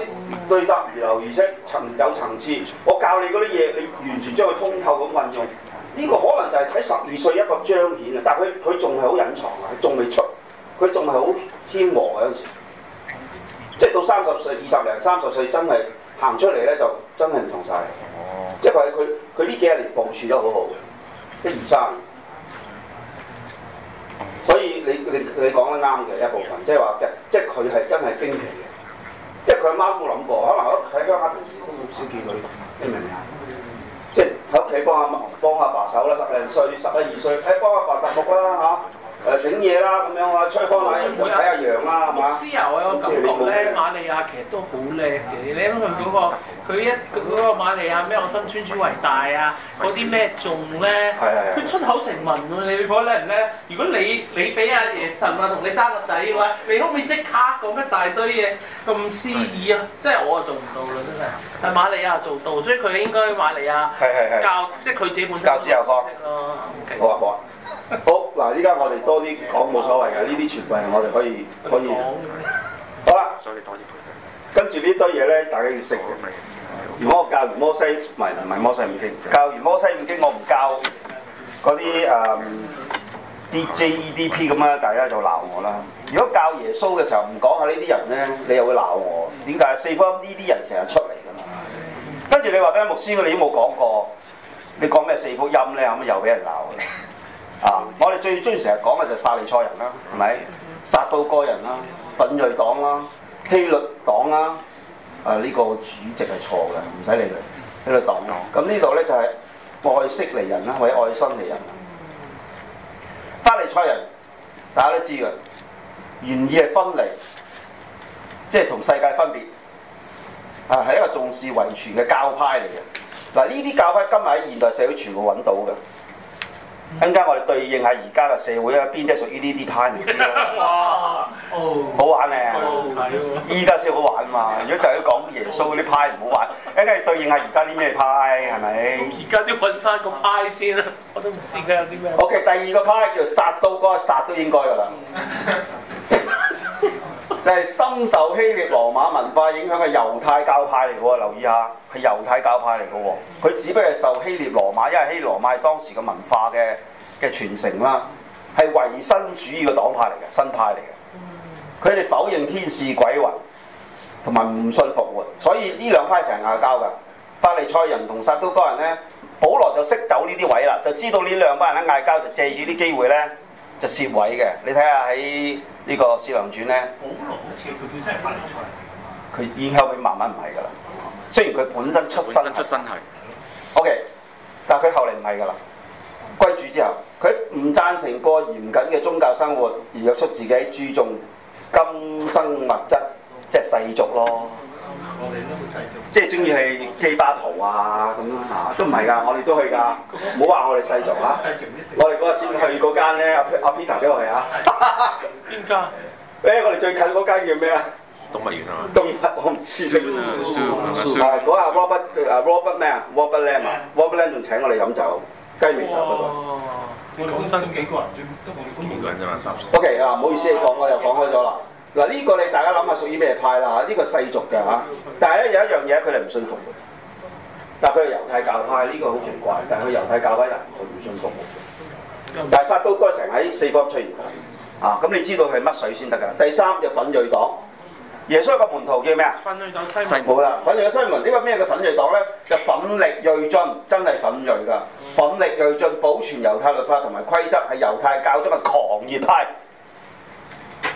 對答如流，而且層有層次。我教你嗰啲嘢，你完全將佢通透咁運用，呢、呢個可能就係睇十二歲一個彰顯啊。但係佢佢仲係好隱藏啊，仲未出，佢仲係好謙和啊有陣時。即係到三十歲、二十零、三十歲，真係行出嚟咧就真係唔同曬。即係佢佢佢呢幾廿年部署得好好嘅，一二三年。所以你你你講得啱嘅一部分，即係話即即係佢係真係驚奇嘅。即係佢阿媽冇諗過，可能喺鄉下平時都好少見佢，你明唔明啊？即係喺屋企幫阿幫阿爸手啦，十零歲、十一二歲，誒、哎、幫阿爸執屋啦嚇。啊誒、整嘢啦咁樣啊，吹開奶，去睇下羊啦，係嘛、嗯？吧牧師我有個感覺咧，瑪利亞其實都好叻嘅，你諗佢嗰個，佢一嗰個瑪利亞咩？我心尊主為大啊！嗰啲咩仲咧，佢出口成文喎、啊。你可能咧，如果你你俾阿耶神啊同你生個仔嘅話，你可唔可以即刻講一大堆嘢咁詩意啊？真係是我啊做唔到啦，真係。但瑪利亞做到，所以佢應該瑪利亞教，是是是是即係佢自己本身是是教之後方式。好啊、嗯 okay. 好啊，好啊。好啊 嗱，依家我哋多啲講冇所謂嘅，呢啲傳聞我哋可以可以，好啦，跟住呢堆嘢咧，大家要識。如果我教完摩西，唔係唔係摩西五經，教完摩西五經我唔教嗰啲誒 D J E D P 咁啦，嗯、DJ, DP，大家就鬧我啦。如果教耶穌嘅時候唔講下呢啲人咧，你又會鬧我。點解四福音呢啲人成日出嚟噶嘛？跟住你話俾阿牧師，你都冇講過，你講咩四福音咧？咁又俾人鬧。啊！我哋最中意成日講嘅就係法利賽人啦，係咪？撒都該人啦、啊，奮銳黨啦、啊，希律黨啦、啊，啊呢、呢個主席係錯嘅，唔使理佢希律黨啦、啊。咁呢度咧就係、是、愛惜離人啦、啊，或者愛新離人、啊。法利賽人大家都知嘅，原意係分離，即係同世界分別。啊，係一個重視遺傳嘅教派嚟嘅。嗱、啊，呢啲教派今日喺現代社會全部揾到嘅。跟家我哋對應下而家嘅社會啊，邊啲係屬於呢啲派，唔知好玩咧！依家先好玩嘛，如果就係要講耶穌嗰啲派唔好玩，一家要對應下而家啲咩派係咪？而家都揾翻個派先啦，我都唔知佢有啲咩。OK，第二個派叫撒都該，那個、殺都應該噶啦。嗯就係深受希臘羅馬文化影響嘅猶太教派嚟嘅喎，留意下係猶太教派嚟嘅喎。佢只不過係受希臘羅馬，因為希臘羅馬係當時嘅文化嘅嘅傳承啦。係維新主義嘅黨派嚟嘅，新派嚟嘅。佢哋否認天使鬼魂，同埋唔信復活，所以呢兩派成日嗌交嘅。法利賽人同撒都該人呢，保羅就識走呢啲位啦，就知道呢兩班人喺嗌交，就借住啲機會呢，就蝕位嘅。你睇下喺。個呢個《施良傳》咧，佢本身嚟嚟，出佢以後會慢慢唔係㗎啦。雖然佢本身出身本身係，OK，但係佢後嚟唔係㗎啦。歸主之後，佢唔贊成過嚴謹嘅宗教生活，而約出自己注重今生物質，即係世俗咯。我哋即係中意去 K 巴圖啊咁樣嚇，都唔係㗎，我哋都去㗎，唔好話我哋細組啊。我哋嗰日先去嗰間咧，阿 Peter 俾我去啊。邊間？誒，我哋最近嗰間叫咩啊？動物園啊嘛。動物我唔知。嗰阿 Robert，Robert 咩啊？Robert Lamb 啊。Robert Lamb 仲請我哋飲酒，雞尾酒嗰度。我哋講真幾個人啫嘛？幾個人啫嘛？OK 啊，唔好意思，你講我又講開咗啦。嗱，呢個你大家諗下屬於咩派啦嚇？呢、這個世俗嘅嚇，但係咧有一樣嘢佢哋唔信服，但係佢係猶太教派，呢、這個好奇怪。但係佢猶太教派啦，佢唔信服。但係撒都該成喺四方出現㗎。啊，咁你知道係乜水先得㗎？第三就奮銳黨，耶穌有個門徒叫咩啊？奮銳黨西門。好啦，奮銳西門呢個咩叫奮銳黨咧？就奮力銳進，真係奮銳㗎。奮力銳進保存猶太律法同埋規則，係猶太教中嘅狂熱派。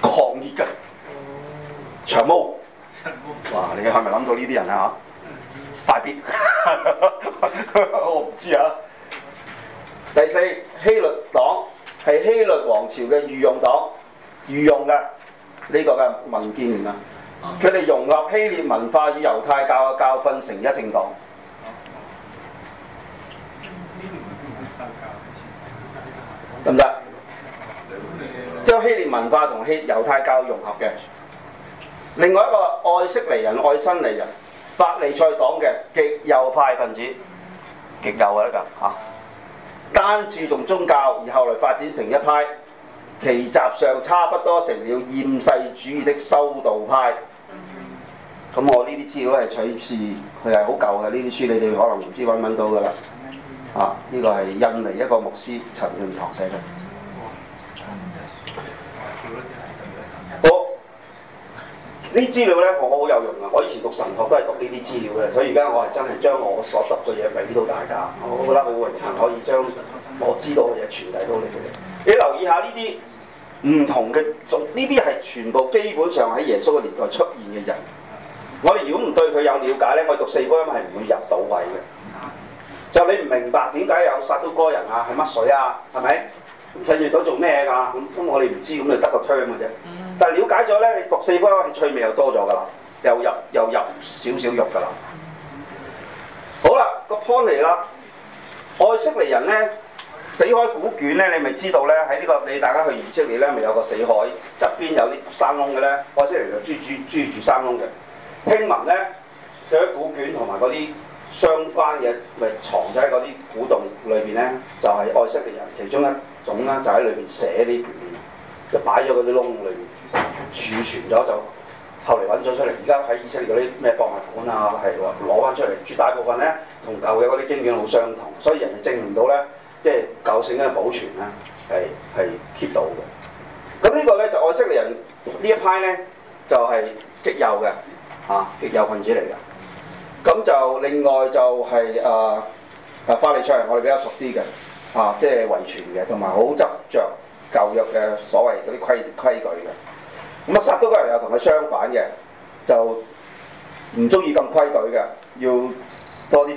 狂熱嘅長毛，哇！你係咪諗到呢啲人啊？嚇大便，快啲！我唔知啊。第四希律黨係希律王朝嘅御用黨，御用嘅呢、呢個嘅民建聯啊，佢哋融合希臘文化與猶太教嘅教訓，成一政黨。得唔得？希臘文化同希猶太教融合嘅，另外一個愛色尼人、愛新尼人、法利賽黨嘅極右派分子，極右嘅。依家嚇單注重宗教，而後來發展成一派，其集上差不多成了厭世主義的修道派。咁、嗯嗯、我呢啲資料係取自佢係好舊嘅，呢啲書你哋可能唔知揾唔揾到噶啦。啊，呢、這個係印尼一個牧師陳潤堂寫嘅。資呢啲資料咧我好有用啊！我以前讀神學都係讀呢啲資料嘅，所以而家我係真係將我所讀嘅嘢俾到大家，我覺得好榮幸可以將我知道嘅嘢傳遞到你哋。你留意下呢啲唔同嘅，仲呢啲係全部基本上喺耶穌嘅年代出現嘅人。我哋如果唔對佢有了解咧，我哋讀四福音係唔會入到位嘅。就你唔明白點解有撒都該人啊，係乜水啊，係咪？咁細月島做咩㗎、啊？咁我哋唔知，咁就得個槍嘅啫。但係瞭解咗咧，你讀四福音趣味又多咗噶啦，又入又入少少肉噶啦。好啦，個 point 嚟啦，愛色利人咧，死海古卷咧，你咪知，知道咧，喺呢、這個你大家去以色列咧，咪有個死海側邊有啲山窿嘅咧，愛色利人就住住住住山窿嘅。聽聞咧，寫古卷同埋嗰啲相關嘅咪藏咗喺嗰啲古洞裏邊咧，就係、是、愛色利人其中一種啦，就喺裏邊寫啲，卷，就擺咗嗰啲窿裏面。儲存咗就後嚟揾咗出嚟，而家喺以色列嗰啲咩博物館啊，係攞翻出嚟，絕大部分咧同舊嘅嗰啲經卷好相同，所以人哋證明到咧，即係舊聖嘅保存咧係 keep 到嘅。咁呢個咧就愛色利人呢一派咧就係極右嘅啊，極右分子嚟嘅。咁就另外就係誒誒法利賽人，我哋比較熟啲嘅啊，即係遺傳嘅，同埋好執着舊約嘅所謂嗰啲規規矩嘅。咁啊，撒都該人又同佢相反嘅，就唔中意咁規矩嘅，要多啲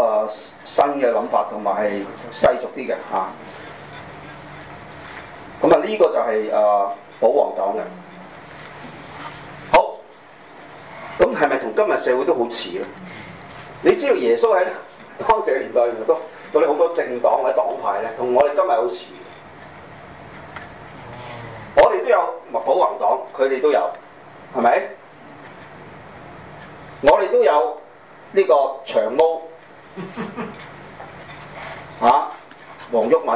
啊、呃、新嘅諗法同埋係世俗啲嘅嚇。咁啊，呢、嗯這個就係、是、啊、呃、保皇黨嘅。好，咁係咪同今日社會都好似咧？你知道耶穌喺當時嘅年代，都有啲好多政黨或者黨派咧，同我哋今日好似。都有麥保宏黨，佢哋都有，係咪？我哋都有呢個長毛 啊，黃毓民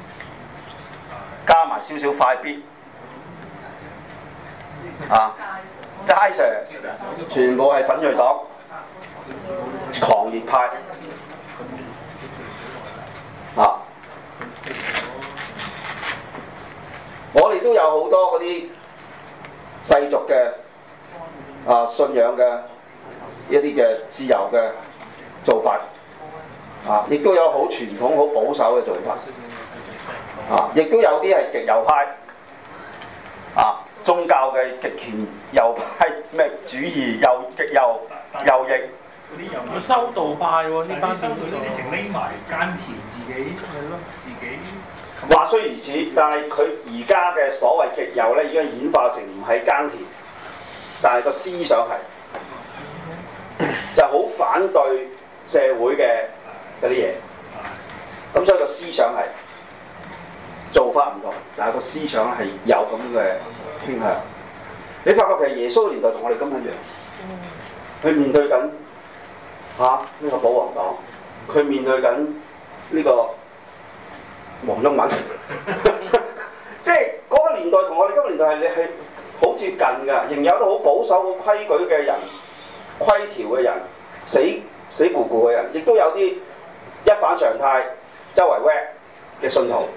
加埋少少快啲啊即係 Sir 全部係粉碎黨，狂熱派啊！我哋都有好多嗰啲世俗嘅啊信仰嘅一啲嘅自由嘅做法啊，亦都有好傳統好保守嘅做法啊，亦都有啲係極右派啊，宗教嘅極權右派咩主義右極右但右翼，佢修道派喎，呢班修道呢啲淨匿埋耕田自己，嗯、自己。話雖如此，但係佢而家嘅所謂極右咧，已經演化成唔係耕田，但係個思想係就好反對社會嘅嗰啲嘢。咁所以個思想係做法唔同，但係個思想係有咁嘅傾向。你發覺其實耶穌嘅年代同我哋今日一樣，佢面對緊嚇呢個保皇黨，佢面對緊呢個。黃宗文，即係嗰個年代同我哋今個年代係你係好接近㗎，仍有啲好保守、好規矩嘅人、規條嘅人、死死固固嘅人，亦都有啲一反常態、周圍屈嘅信徒，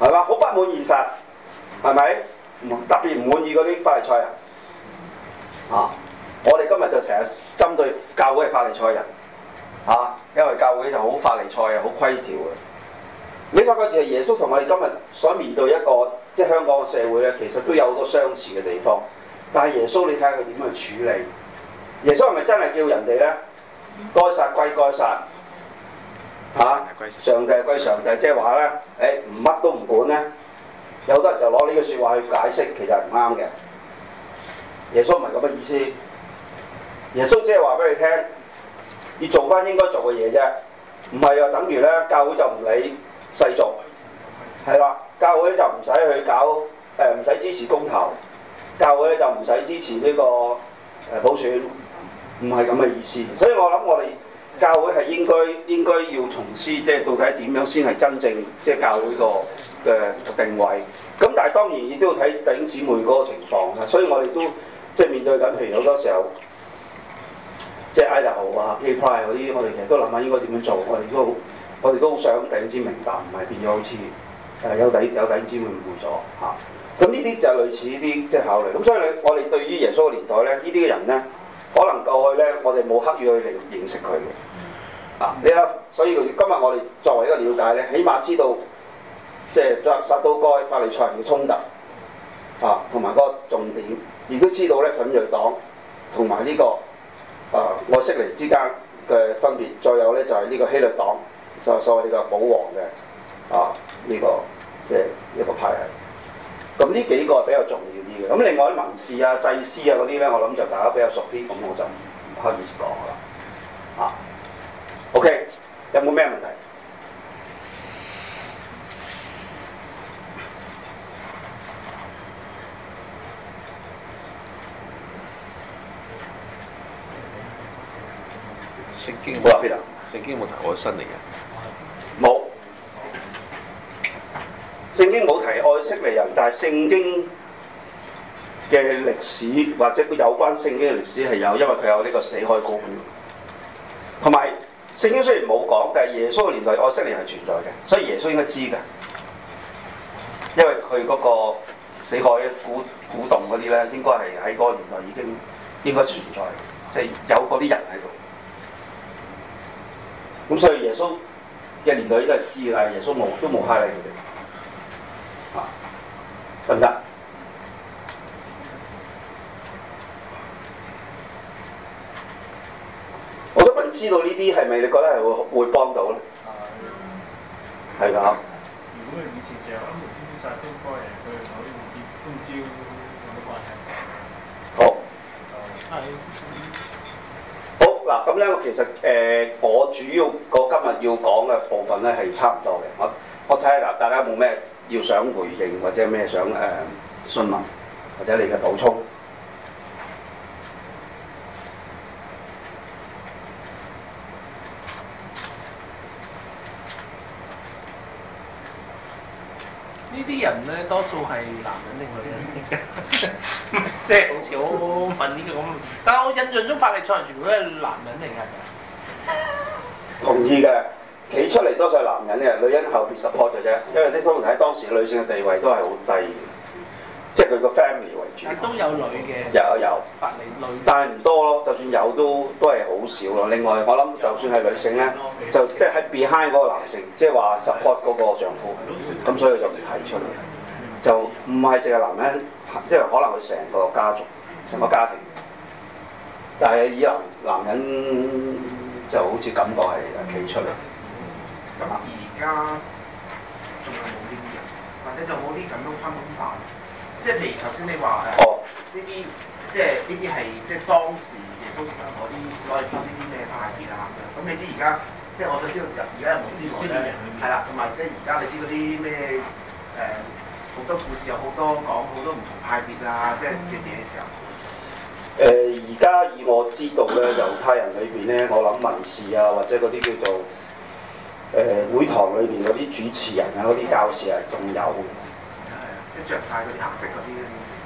係嘛？好不滿現實，係咪？特別唔滿意嗰啲法利賽人啊！我哋今日就成日針對教會嘅法利賽人啊，因為教會就好法利賽啊，好規條啊。你發覺，就係耶穌同我哋今日所面對一個，即係香港嘅社會咧，其實都有好多相似嘅地方。但係耶穌，你睇下佢點樣處理？耶穌係咪真係叫人哋咧？該殺歸該殺嚇、啊啊，上帝歸上帝，即係話咧，誒唔乜都唔管咧。有好多人就攞呢句説話去解釋，其實係唔啱嘅。耶穌唔係咁嘅意思。耶穌即係話俾你聽，要做翻應該做嘅嘢啫，唔係又等於咧教會就唔理。世俗，係啦，教會咧就唔使去搞誒，唔、呃、使支持公投，教會咧就唔使支持呢、這個誒、呃、普選，唔係咁嘅意思。所以我諗我哋教會係應該應該要從思，即、就、係、是、到底點樣先係真正即係、就是、教會個嘅、呃、定位。咁但係當然亦都要睇弟兄姊妹嗰個情況啦。所以我哋都即係面對緊，譬如好多時候即係 IDA 號啊、A プ嗰啲，我哋其實都諗下應該點樣做，我哋都好。我哋都好想揾之明白，唔係變咗好似誒有底有底知會負咗嚇。咁呢啲就係類似呢啲即係考慮。咁所以你我哋對於耶穌嘅年代咧，呢啲嘅人咧，可能過去咧我哋冇刻意去認認識佢嘅。啊，你有所以今日我哋作為一個了解咧，起碼知道即係撒撒都該法利賽人嘅衝突嚇，同埋嗰個重點，亦都知道咧奮銳黨同埋呢個啊愛色尼之間嘅分別。再有咧就係、是、呢個希律黨。所所謂呢個保皇嘅啊，呢個即係一個派啊。咁呢幾個比較重要啲嘅，咁另外啲文士啊、祭司啊嗰啲咧，我諗就大家比較熟啲，咁我就唔開門講啦。啊，OK，有冇咩問題？聖經冇啊，聖經冇提我新嚟嘅。聖經冇提愛色尼人，但係聖經嘅歷史或者有關聖經嘅歷史係有，因為佢有呢個死海古廟。同埋聖經雖然冇講，但係耶穌嘅年代愛色尼人係存在嘅，所以耶穌應該知㗎。因為佢嗰個死海古古洞嗰啲咧，應該係喺嗰個年代已經應該存在，即係有嗰啲人喺度。咁所以耶穌嘅年代應該係知，但耶穌冇都冇害佢哋。啊，得我都不知道呢啲係咪你覺得係會會幫到咧？係㗎、嗯。如果佢以前就好。嗱、嗯，咁咧，其實誒、呃，我主要個今日要講嘅部分咧係差唔多嘅。我我睇下嗱，大家冇咩要想回應或者咩想誒、呃、詢問或者你嘅補充，呢啲人咧多數係男人定女人？即係 好似好問呢個咁，但係我印象中法利賽人全部都係男人嚟㗎，同意㗎。企出嚟多數係男人嘅，女人後邊 support 嘅啫，因為啲方面喺當時女性嘅地位都係好低，即係佢個 family 為主。但都有女嘅。有有，但係唔多咯。就算有都都係好少咯。另外我諗，就算係女性咧，就即係喺 behind 嗰個男性，即係話 support 嗰個丈夫，咁的所以就唔提出嚟，就唔係淨係男人，即係可能佢成個家族、成個家庭，但係以後男人就好似感覺係企出嚟。咁而家仲有冇呢啲人，或者仲冇啲咁多分工法？即係譬如頭先你話誒，呢啲即係呢啲係即係當時耶穌時代嗰啲，所以分呢啲咩派別啊？咁你知而家即係我想知道，而家有冇之外咧？係啦、嗯，同埋即係而家你知嗰啲咩誒好多故事有好多講好多唔同派別啊！即係啲嘢時候。誒、呃，而家以我知道咧，猶太人裏邊咧，我諗文士啊，或者嗰啲叫做。誒、呃、會堂裏邊嗰啲主持人啊，嗰啲教士啊，仲有，係啊，即著曬嗰啲黑色嗰啲。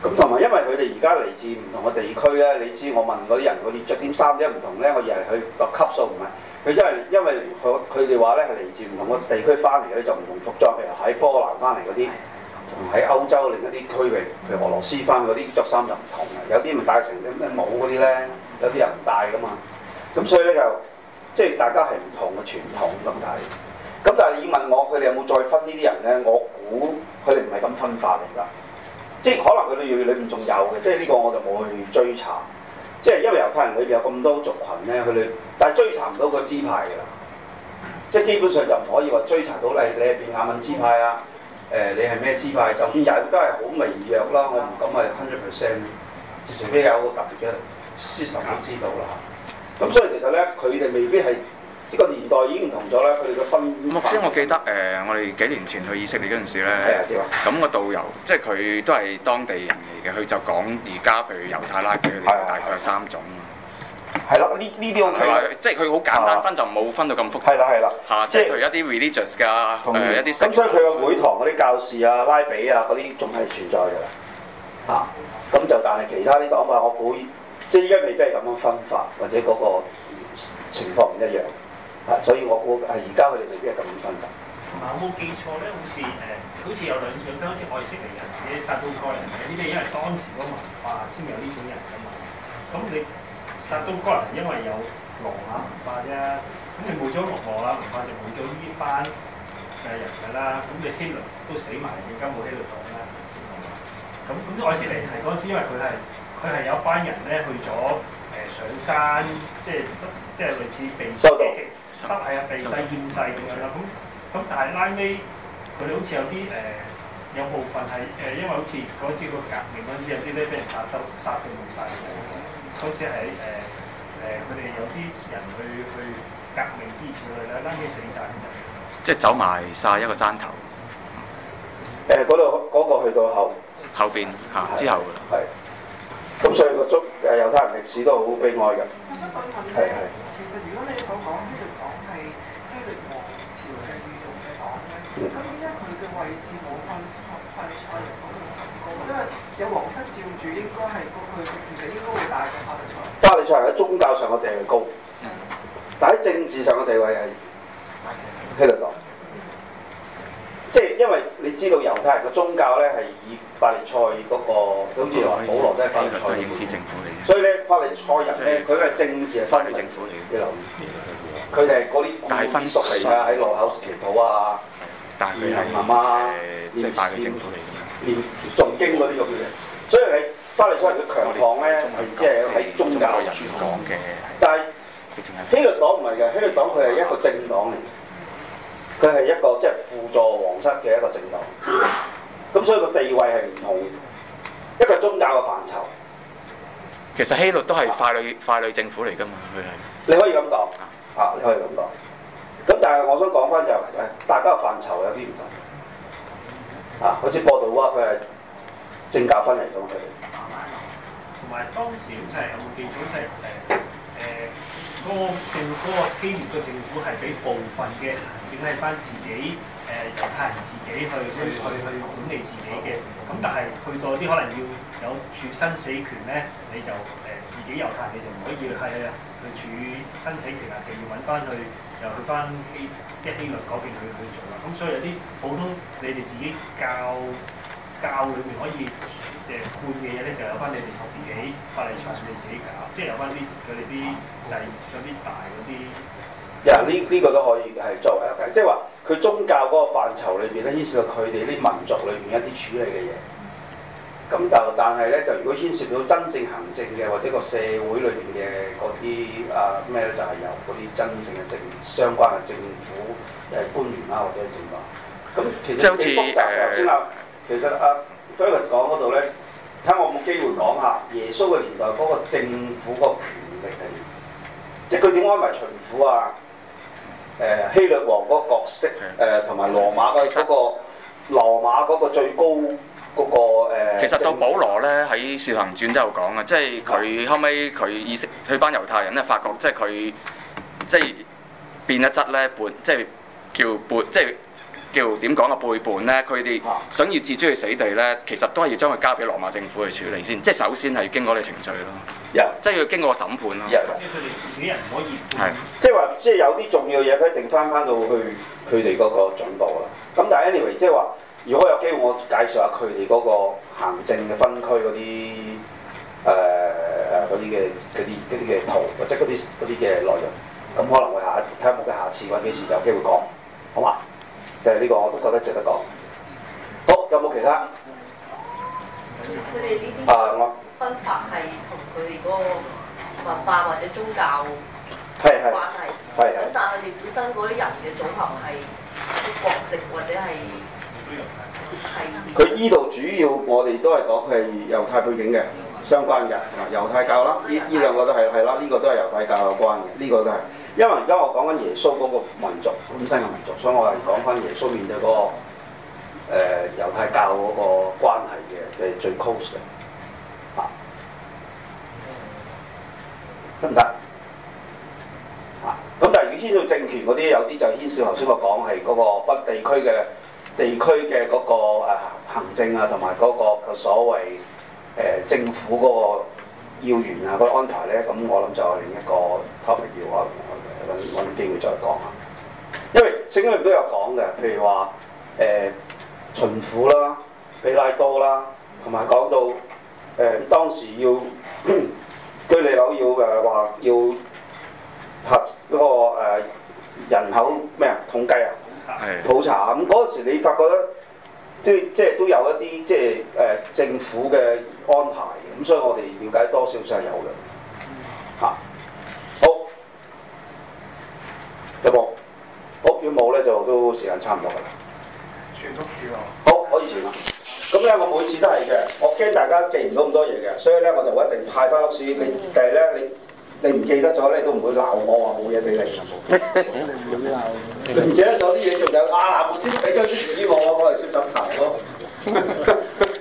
咁同埋因為佢哋而家嚟自唔同嘅地區咧，你知我問嗰啲人，佢哋着啲衫都唔同咧，我又係去度級數唔係佢，因為因為佢佢哋話咧係嚟自唔同嘅地區翻嚟嘅咧，就唔同服裝，譬如喺波蘭翻嚟嗰啲，同喺、嗯、歐洲另一啲區域，譬如俄羅斯翻嗰啲着衫又唔同嘅，有啲咪戴成啲咩帽嗰啲咧，有啲又唔戴噶嘛，咁所以咧就。即係大家係唔同嘅傳統咁睇，咁但係你問我佢哋有冇再分呢啲人咧？我估佢哋唔係咁分法嚟㗎，即係可能佢哋要裏面仲有嘅，即係呢個我就冇去追查。即係因為猶太人裏面有咁多族群咧，佢哋但係追查唔到個支派㗎啦。即係基本上就唔可以話追查到你你係便雅憫支派啊？誒，你係咩支派？就算有都係好微弱啦，我唔敢係 hundred percent，除非有個特別嘅 system 都知道啦。咁所以其實咧，佢哋未必係呢個年代已經唔同咗啦。佢哋嘅分唔同。我記得誒、呃，我哋幾年前去以色列嗰陣時咧，咁個導遊即係佢都係當地人嚟嘅，佢就講而家譬如猶太拉比，佢哋大概有三種。係啦，呢呢啲我係話，即係佢好簡單分就冇分到咁複雜。係啦係啦，嚇，即係譬如一啲 religious 㗎，誒一啲。咁、呃、意所以佢嘅會堂嗰啲教士啊、拉比啊嗰啲仲係存在㗎。嚇、啊，咁就但係其他啲黨派我估。即係依家未必係咁樣分法，或者嗰個情況唔一樣，啊，所以我估係而家佢哋未必係咁樣分法。嗱、啊，我冇記錯咧，好似誒、呃，好似有兩兩種，好似愛斯尼人或者撒都哥人呢啲因為當時嗰個文化先有呢種人噶嘛。咁你撒都哥人因為有羅馬文化啫，咁你冇咗羅馬文化就冇咗呢班誒人噶啦。咁你希律都死埋而家冇希律黨啦，咁咁啲愛斯尼係嗰陣時因為佢係。佢係有班人咧去咗誒上山，即係即係類似被收斂，即係啊被避世厭世咁樣啦。咁咁但係拉尾，佢哋好似有啲誒有部分係誒，因為好似嗰次個革命嗰次有啲咧俾人殺到殺到冇晒。好似係誒誒佢哋有啲人去去革命之類啦，拉尾死晒。即係走埋晒一個山頭。誒嗰度嗰個去到後後邊嚇之後㗎。咁所以個中誒猶太人歷史都好悲哀嘅。我想問問你，其實如果你所講希律黨係希律王朝嘅御用嘅黨咧，咁點解佢嘅位置冇法利賽人嗰度咁高？因為有皇室照住，應該係佢其實應該會大過法利賽。法利賽喺宗教上嘅地位高，嗯、但喺政治上嘅地位係希律黨。嗯、即係因為你知道猶太人嘅宗教咧係以法利賽嗰個，好似話保羅都係法利賽。所以咧，法利賽人咧，佢嘅政治法分政府嚟。嘅。留意佢哋係嗰啲大分屬嚟㗎，喺路口祈禱啊，與媽媽誒，即係拜政府嚟嘅。念《仲經》嗰啲咁嘅，所以你法利賽人嘅強項咧，係即係喺宗教主講嘅。就係希律黨唔係嘅，希律黨佢係一個政黨嚟，佢係一個即係輔助皇室嘅一個政黨。咁所以個地位係唔同一個宗教嘅範疇。其實希律都係傀儡、啊、傀儡政府嚟㗎嘛，佢係。你可以咁講，啊，啊，你可以咁講。咁但係我想講翻就誒、是，大家嘅範疇有啲唔同。啊，好似波多瓦佢係政教分離咗佢。慢慢講，同埋當時好似係有冇記住係誒誒嗰個政嗰個基於個政府係俾、那個、部分嘅。管理翻自己，誒猶太人自己去以去去管理自己嘅，咁、嗯、但係去到啲可能要有處生死權咧，你就誒、呃、自己猶太人，你就唔可以係去處生死權啊，就要揾翻去又去翻希、即係希律嗰邊去去做啦。咁、啊、所以有啲普通你哋自己教教裏面可以誒判嘅嘢咧，就有翻你哋自己法例裁，你自己搞，即係有翻啲佢哋啲制嗰啲大嗰啲。呢呢、這個都可以係作為一即係話佢宗教嗰個範疇裏邊咧，牽涉到佢哋啲民族裏邊一啲處理嘅嘢。咁就但係咧，就如果牽涉到真正行政嘅，或者個社會裏邊嘅嗰啲啊咩咧，就係由嗰啲真正嘅政相關嘅政府誒、呃、官員啦，或者政府。咁其實幾複雜。頭先啊，其實阿、啊、Fergus 講嗰度咧，睇下我冇機會講下耶穌嘅年代嗰、那個政府嗰個權力係點，即係佢點安排巡撫啊？誒希律王嗰個角色，誒同埋羅馬嗰嗰、嗰個實羅馬個最高嗰、嗰個、呃、其實到保羅咧喺《樹行傳》都有講啊，即係佢後尾，佢意識佢班猶太人咧，發覺即係佢即係變質咧，背即係叫背即係叫點講啊，背叛咧。佢哋想要置之去死地咧，其實都係要將佢交俾羅馬政府去處理先，即係首先係要經過啲程序咯。Yeah. 即係要經過審判咯 Yeah.。即係佢哋主人可以，way, 即係話，即係有啲重要嘢，佢一定攤翻到去佢哋嗰個總部啦。咁但係，anyway，即係話，如果有機會，我介紹下佢哋嗰個行政嘅分區嗰啲誒誒嗰啲嘅啲啲嘅圖，或者嗰啲啲嘅內容，咁可能會下睇下有冇得下次或者幾時有機會講，好嘛？就係、是、呢個我都覺得值得講。好，有冇其他？啊，我分法係。佢哋嗰個文化或者宗教關係，咁但係佢哋本身嗰啲人嘅組合係國籍或者係係佢依度主要，我哋都係講佢係猶太背景嘅相關嘅，啊猶太教啦，呢依兩個都係係啦，呢、這個都係猶太教有關嘅，呢、這個都係，因為而家我講緊耶穌嗰個民族本身嘅民族，所以我係講翻耶穌面對嗰、那個誒、呃、猶太教嗰個關係嘅，即係最 close 嘅。得唔得啊？咁但係牽涉政權嗰啲，有啲就牽涉頭先我講係嗰個北地區嘅地區嘅嗰個行政啊，同埋嗰個嘅所謂誒、呃、政府嗰個要員啊，嗰、那、啲、個、安排呢。咁、嗯、我諗就另一個 topic 要啊，揾揾機會再講啊。因為聖經裏面都有講嘅，譬如話誒巡撫啦、比拉多啦，同埋講到誒、呃、當時要。 居你樓要誒話要核嗰個人口咩啊，統計啊普查咁嗰陣時，你發覺咧都即係都有一啲即係誒、呃、政府嘅安排咁，所以我哋瞭解多少少係有嘅嚇、啊。好，有冇屋苑冇咧就都時間差唔多噶啦。全屋企。好，可以開始啦。咁咧，我每次都係嘅，我驚大家記唔到咁多嘢嘅，所以咧我就一定派翻屋書你。但係咧，你你唔 記得咗咧，都唔會鬧我話冇嘢俾你嘅冇。唔記得咗啲嘢，仲有啊，老師俾張紙我，我嚟先揼頭咯。啊